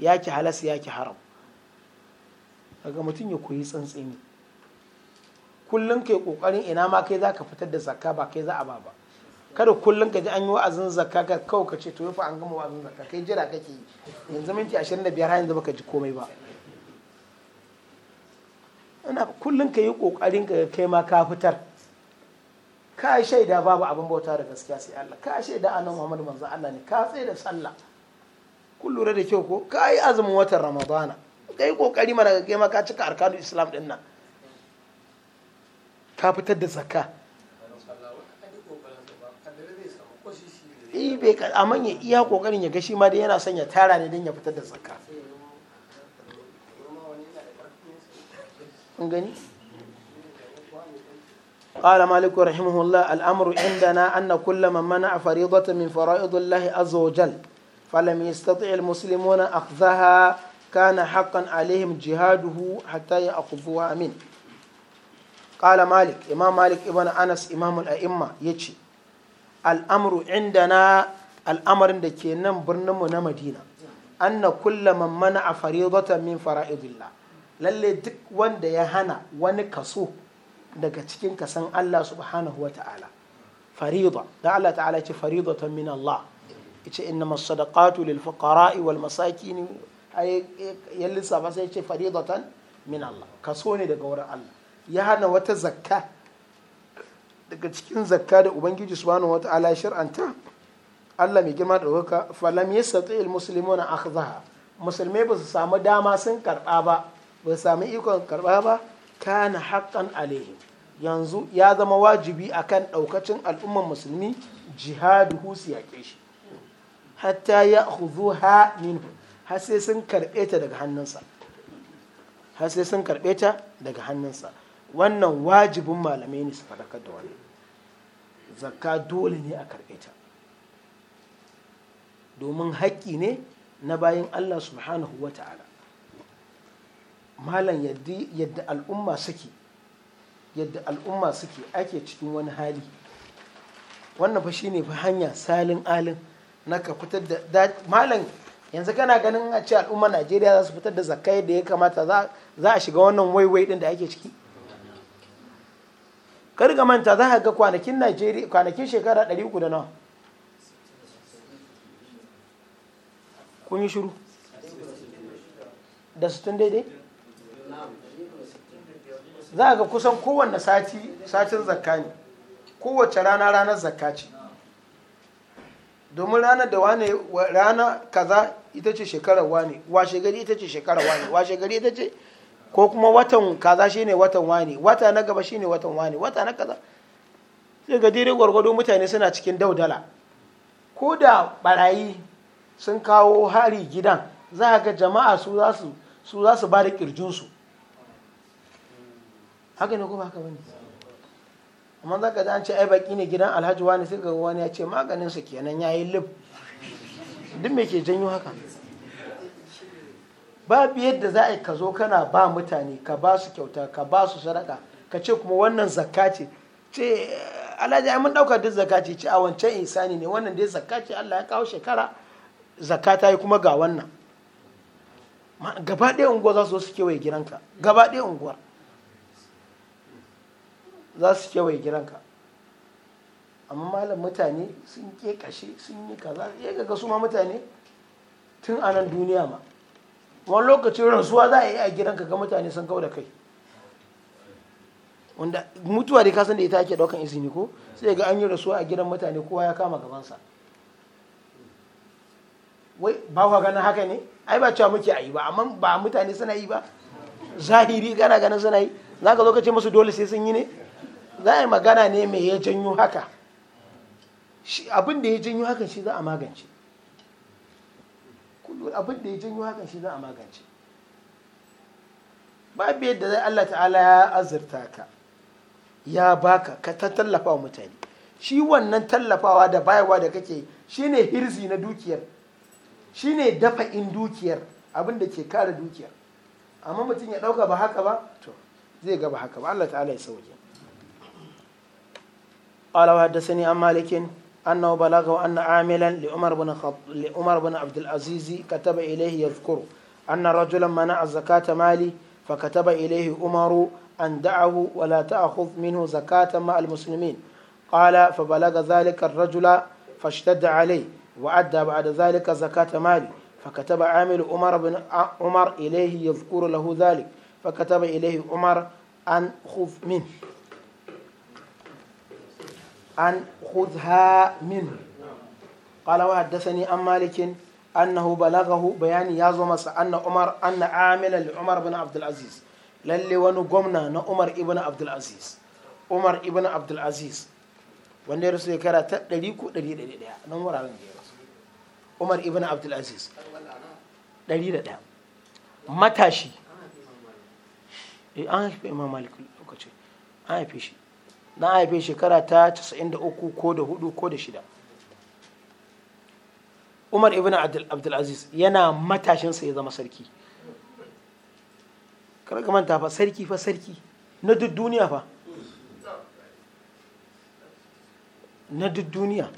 ya ki halas ya ki haram daga mutum ya koyi tsantsini kullum kai kokarin ina ma kai za ka fitar da zakka ba kai za a ba ba kada kullum ka ji an yi wa'azin zakka ka kawai ka ce to yafi an gama wa'azin zakka kai jira kake yi yanzu minti 25 har yanzu baka ji komai ba ana kullum ka yi kokarin ka kai ma ka fitar ka shaida babu abin bauta da gaskiya sai Allah ka shaida annabi Muhammad manzo Allah ne ka tsaye da sallah kun lura da kyau ko ka yi azumin watan Ramadana ka yi kokari mana ka kai ma ka cika arkanu Islam din nan ka fitar da zakka eh bai ka amma ya iya kokarin ya ga shi ma dai yana son ya tara ne don ya fitar da zakka kun gani قال مالك رحمه الله الأمر عندنا أن كل من منع فريضة من فرائض الله عز وجل فلم يستطع المسلمون أخذها كان حقا عليهم جهاده حتى يأخذوها منه قال مالك إمام مالك ابن أنس إمام الأئمة يجي al'amru na al'amarin da ke nan birninmu na madina na kulla mammana a faridatan min fara'idillah lalle duk wanda ya hana wani kaso daga cikin kasan Allah subhanahu wa ta'ala farida da Allah ta'ala ce faridatan min Allah ce inna masadaqatu lil fuqara'i wal masakin ya lissafa sai ce faridatan min Allah kaso ne daga wurin Allah ya hana wata zakka daga cikin zakka da ubangiji subhanahu wa ta'ala shar'anta Allah mai girma da ɗaukaka falam yastati al akhdaha musulmai ba su samu dama sun karba ba ba su samu ikon karba ba kana haqqan alaihim yanzu ya zama wajibi akan daukacin al'umman musulmi jihaduhu su yaƙe shi hatta ya ha minhu har sai sun karɓe ta daga hannunsa har sai sun karɓe ta daga hannunsa wannan wajibin malamai ne su faɗakar da wannan zakka dole ne a karɓe ta domin haƙƙi ne na bayan Allah subhanahu wa ta'ala malam yadda al'umma suke yadda al'umma suke ake cikin wani hali wannan fa shine fa hanya salin alin na ka fitar da malam yanzu kana ganin a ce al'umma Najeriya za su fitar da zakka yadda ya kamata za a shiga wannan waiwai din da ake ciki karga manta za ka ga kwanakin Najeriya kwanakin shekara 300 da nawa kun yi shiru da 60 daidai za a ga kusan kowanne sati satin zakka ne kowace rana ranar zakka ce domin ranar da wane rana kaza ita ce shekarar wane washe gari ita ce shekarar wane washe gari ita ce ko kuma watan kaza shine watan wani wata na gaba shine watan wani wata na kaza sai ga dire gwargwado mutane suna cikin daudala ko da barayi sun kawo hari gidan za ga jama'a su za su su za su ba da kirjinsu haka ne ko ba haka bane amma za ka ji an ce ai baki ne gidan alhaji wani sai ga wani ya ce maganinsa kenan ya yi lif duk me ke janyo haka babu yadda za a ka zo kana ba mutane ka ba su kyauta ka ba su sadaka ka ce kuma wannan zakka ce ce alhaji ai mun dauka duk zakka ce ce a wancan insani ne wannan dai zakka ce Allah ya kawo shekara zakka ta yi kuma ga wannan gaba ɗaya unguwa za su suke kewaye gidanka gaba ɗaya unguwa za su kewaye gidanka amma malam mutane sun ke kashe sun yi kaza ya ga su ma mutane tun anan duniya ma wani lokacin rasuwa za a yi a gidan ka ga mutane sun kawo da kai wanda mutuwa da kasan da ita ake daukan izini ko sai ga an yi rasuwa a gidan mutane kowa ya kama gabansa wai ba kwa ganin haka ne ai ba cewa muke a yi ba amma ba mutane suna yi ba zahiri gana ganin suna yi za ka zo ka ce musu dole sai sun yi ne za a yi magana ne mai ya janyo haka abin da ya janyo haka shi za a magance kullum abin da ya janyo hakan shi za a magance babu yadda zai Allah ta'ala ya azurta ka ya baka ka ta tallafa wa mutane shi wannan tallafawa da bayarwa da kake shine hirzi na dukiyar shine dafa in dukiyar abin da ke kare dukiyar amma mutum ya dauka ba haka ba to zai ga ba haka ba Allah ta'ala ya sauke قال وحدثني an مالك أنه بلغه أن عاملا لعمر بن خط... لعمر بن عبد العزيز كتب إليه يذكر أن رجلا منع زكاة مالي فكتب إليه عمر أن دعه ولا تأخذ منه زكاة مع المسلمين قال فبلغ ذلك الرجل فاشتد عليه وأدى بعد ذلك زكاة مالي فكتب عامل عمر بن عمر إليه يذكر له ذلك فكتب إليه عمر أن خذ منه an khudha min qala wa haddathani an malikin annahu balagahu bayani ya zo masa anna umar anna amila li umar ibn abdul aziz lalle wani gwamna na umar ibn abdul aziz umar ibn abdul aziz wanda ya rasu shekara ta 100 nan wuraren da umar ibn abdul aziz 101 matashi an haifi imam malik lokacin an haife shi na haife shekara ta 93 ko da 4 ko da 6 umar ibn abdulaziz yana matashinsa ya zama sarki karka manta fa sarki fa sarki na duk duniya fa na duk duniya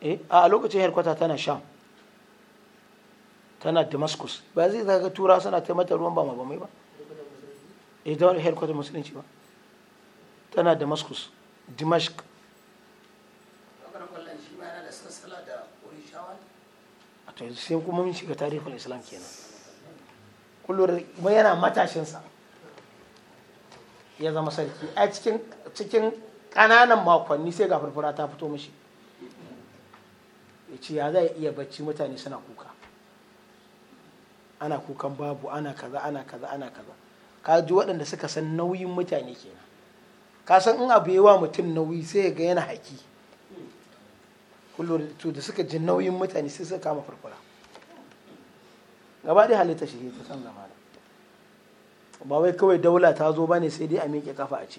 eh, a lokacin harkwata tana sham tana damascus ba zai zaga tura suna ta mata ruwan ba ma ba mai ba idan harkwata musulunci ba tana damascus dimashq a to sai kuma mun shiga tarihin islam kenan kullum kuma yana matashinsa ya zama sarki a cikin ƙananan makonni sai ga furfura ta fito mashi ya ce ya zai iya bacci mutane suna kuka ana kukan babu ana kaza ana kaza ana kaza ka ji waɗanda suka san nauyin mutane kenan kasan in abu wa mutum nauyi sai ga yana haki kullum da suka ji nauyin mutane sai suka kama farfara gaba dai halitta shi ta san zamana ba wai kawai daula ta zo ba ne sai dai a miƙe kafa a ce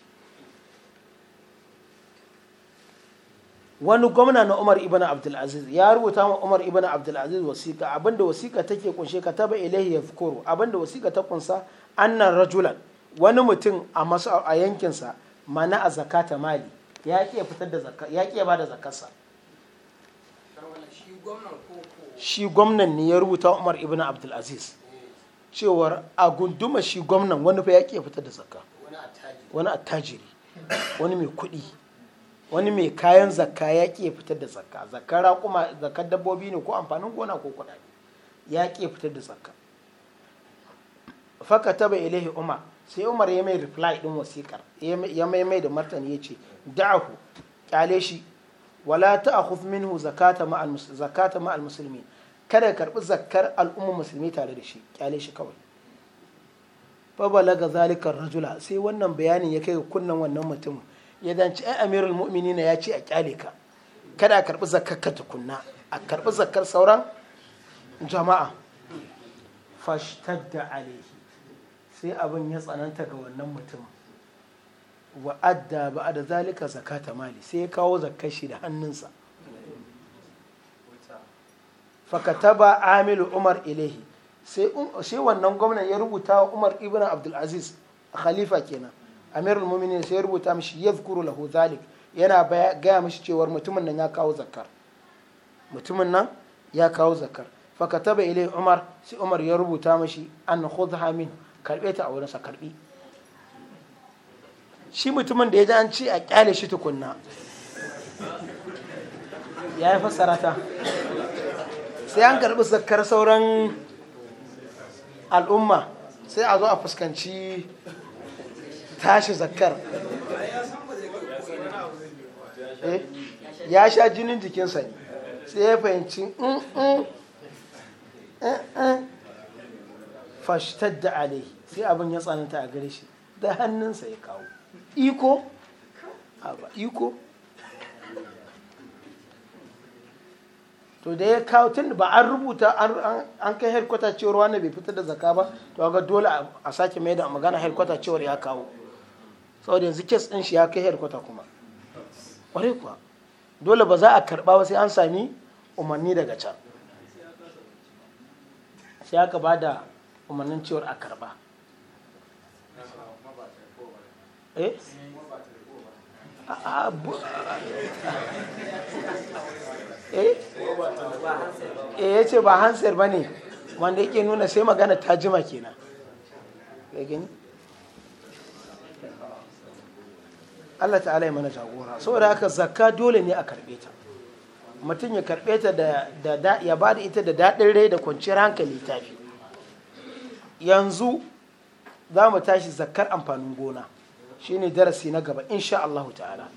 wani gwamna na umar ibn abdulaziz ya rubuta wa umar ibn abdulaziz wasiƙa abinda wasiƙa take kunshe ka taba ilahi ya abinda wasiƙa ta kunsa annan rajulan wani mutum a yankinsa mana a zakata mali ya ƙi fitar da zakka ya ƙi ba da zakasa shi gwamnan ne ya rubuta Umar ibn Abdul Aziz cewar a gunduma shi gwamnan wani fa ya ƙi fitar da zakka wani attajiri wani mai kuɗi wani mai kayan zakka ya ƙi fitar da zakka zakkar raƙuma zakkar dabbobi ne ko amfanin gona ko kuɗaɗe ya ƙi fitar da zakka faka taba ilahi umar sai umar ya mai reply din wasikar ya mai mai da martani ya ce da'ahu kyale shi wala ta'khuf minhu zakata ma al-musulmi muslimin kada karbi zakar al'umma musulmi tare da shi kyale shi kawai fa balaga zalika rajula sai wannan bayanin ya kai ga kunnan wannan mutumin ya danci ai amirul mu'minina ya ce a kyale ka kada a karbi zakar ka tukunna a karbi zakar sauran jama'a fashtadda alaihi sai abin ya tsananta ga wannan mutum wa'adda ba a da zalika zakata mali sai ya kawo zakar shi da hannunsa fakataba amilu umar ilahi um, sai wannan gwamnan ya rubuta wa umar ibn abdulaziz khalifa kenan amirul muminin sai ya rubuta mishi ya zukuru lahu zalik yana gaya mishi cewar mutumin nan ya kawo zakar mutumin nan ya kawo zakar fakataba ilahi umar sai umar ya rubuta mishi an khudha minhu karɓe ta a wurinsa karɓi shi mutumin da ya ji an ci a kyale shi tukunna ya yi fassara ta sai an karɓi zakar sauran al'umma sai a zo a fuskanci tashi zakar eh, ya sha jinin jikinsa ne sai ya fahimci mm, mm, mm, fashtar da alai sai abin ya tsananta a gare shi da hannunsa ya kawo iko iko to da ya kawo tun ba an rubuta an kai harkwata cewar wani bai fitar da zaka ba to ga dole a sake mai da magana harkwata cewar ya kawo saboda yanzu kes ɗin shi ya kai harkwata kuma ƙwarai kuwa dole ba za a karɓa ba sai an sami umarni daga can sai aka ba da umarnin cewar a karɓa Eh? Ah, ah, eh eh ya ce ba hansar ba ne wanda yake nuna sai magana ta jima kenan na gani Allah ta'ala ya mana jagora saboda haka zakka dole ne a karbe ta mutum ya karbe ta ya ba da ita da daɗin rai da kwanciyar hankali tafi yanzu za mu tashi zakkar amfanin gona shine darasi na gaba insha Allahu ta'ala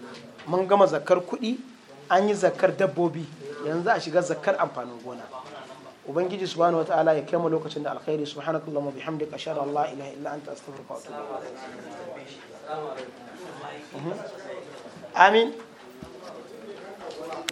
mun gama zakar kuɗi an yi zakar dabbobi yanzu a shiga zakar amfanin gona ubangiji subhanahu wa ta'ala ya kaimu lokacin da alkhairi subhanakallah wa bihamdika ashhadu an la ilaha illa anta astaghfiruka wa atubu mhm. amin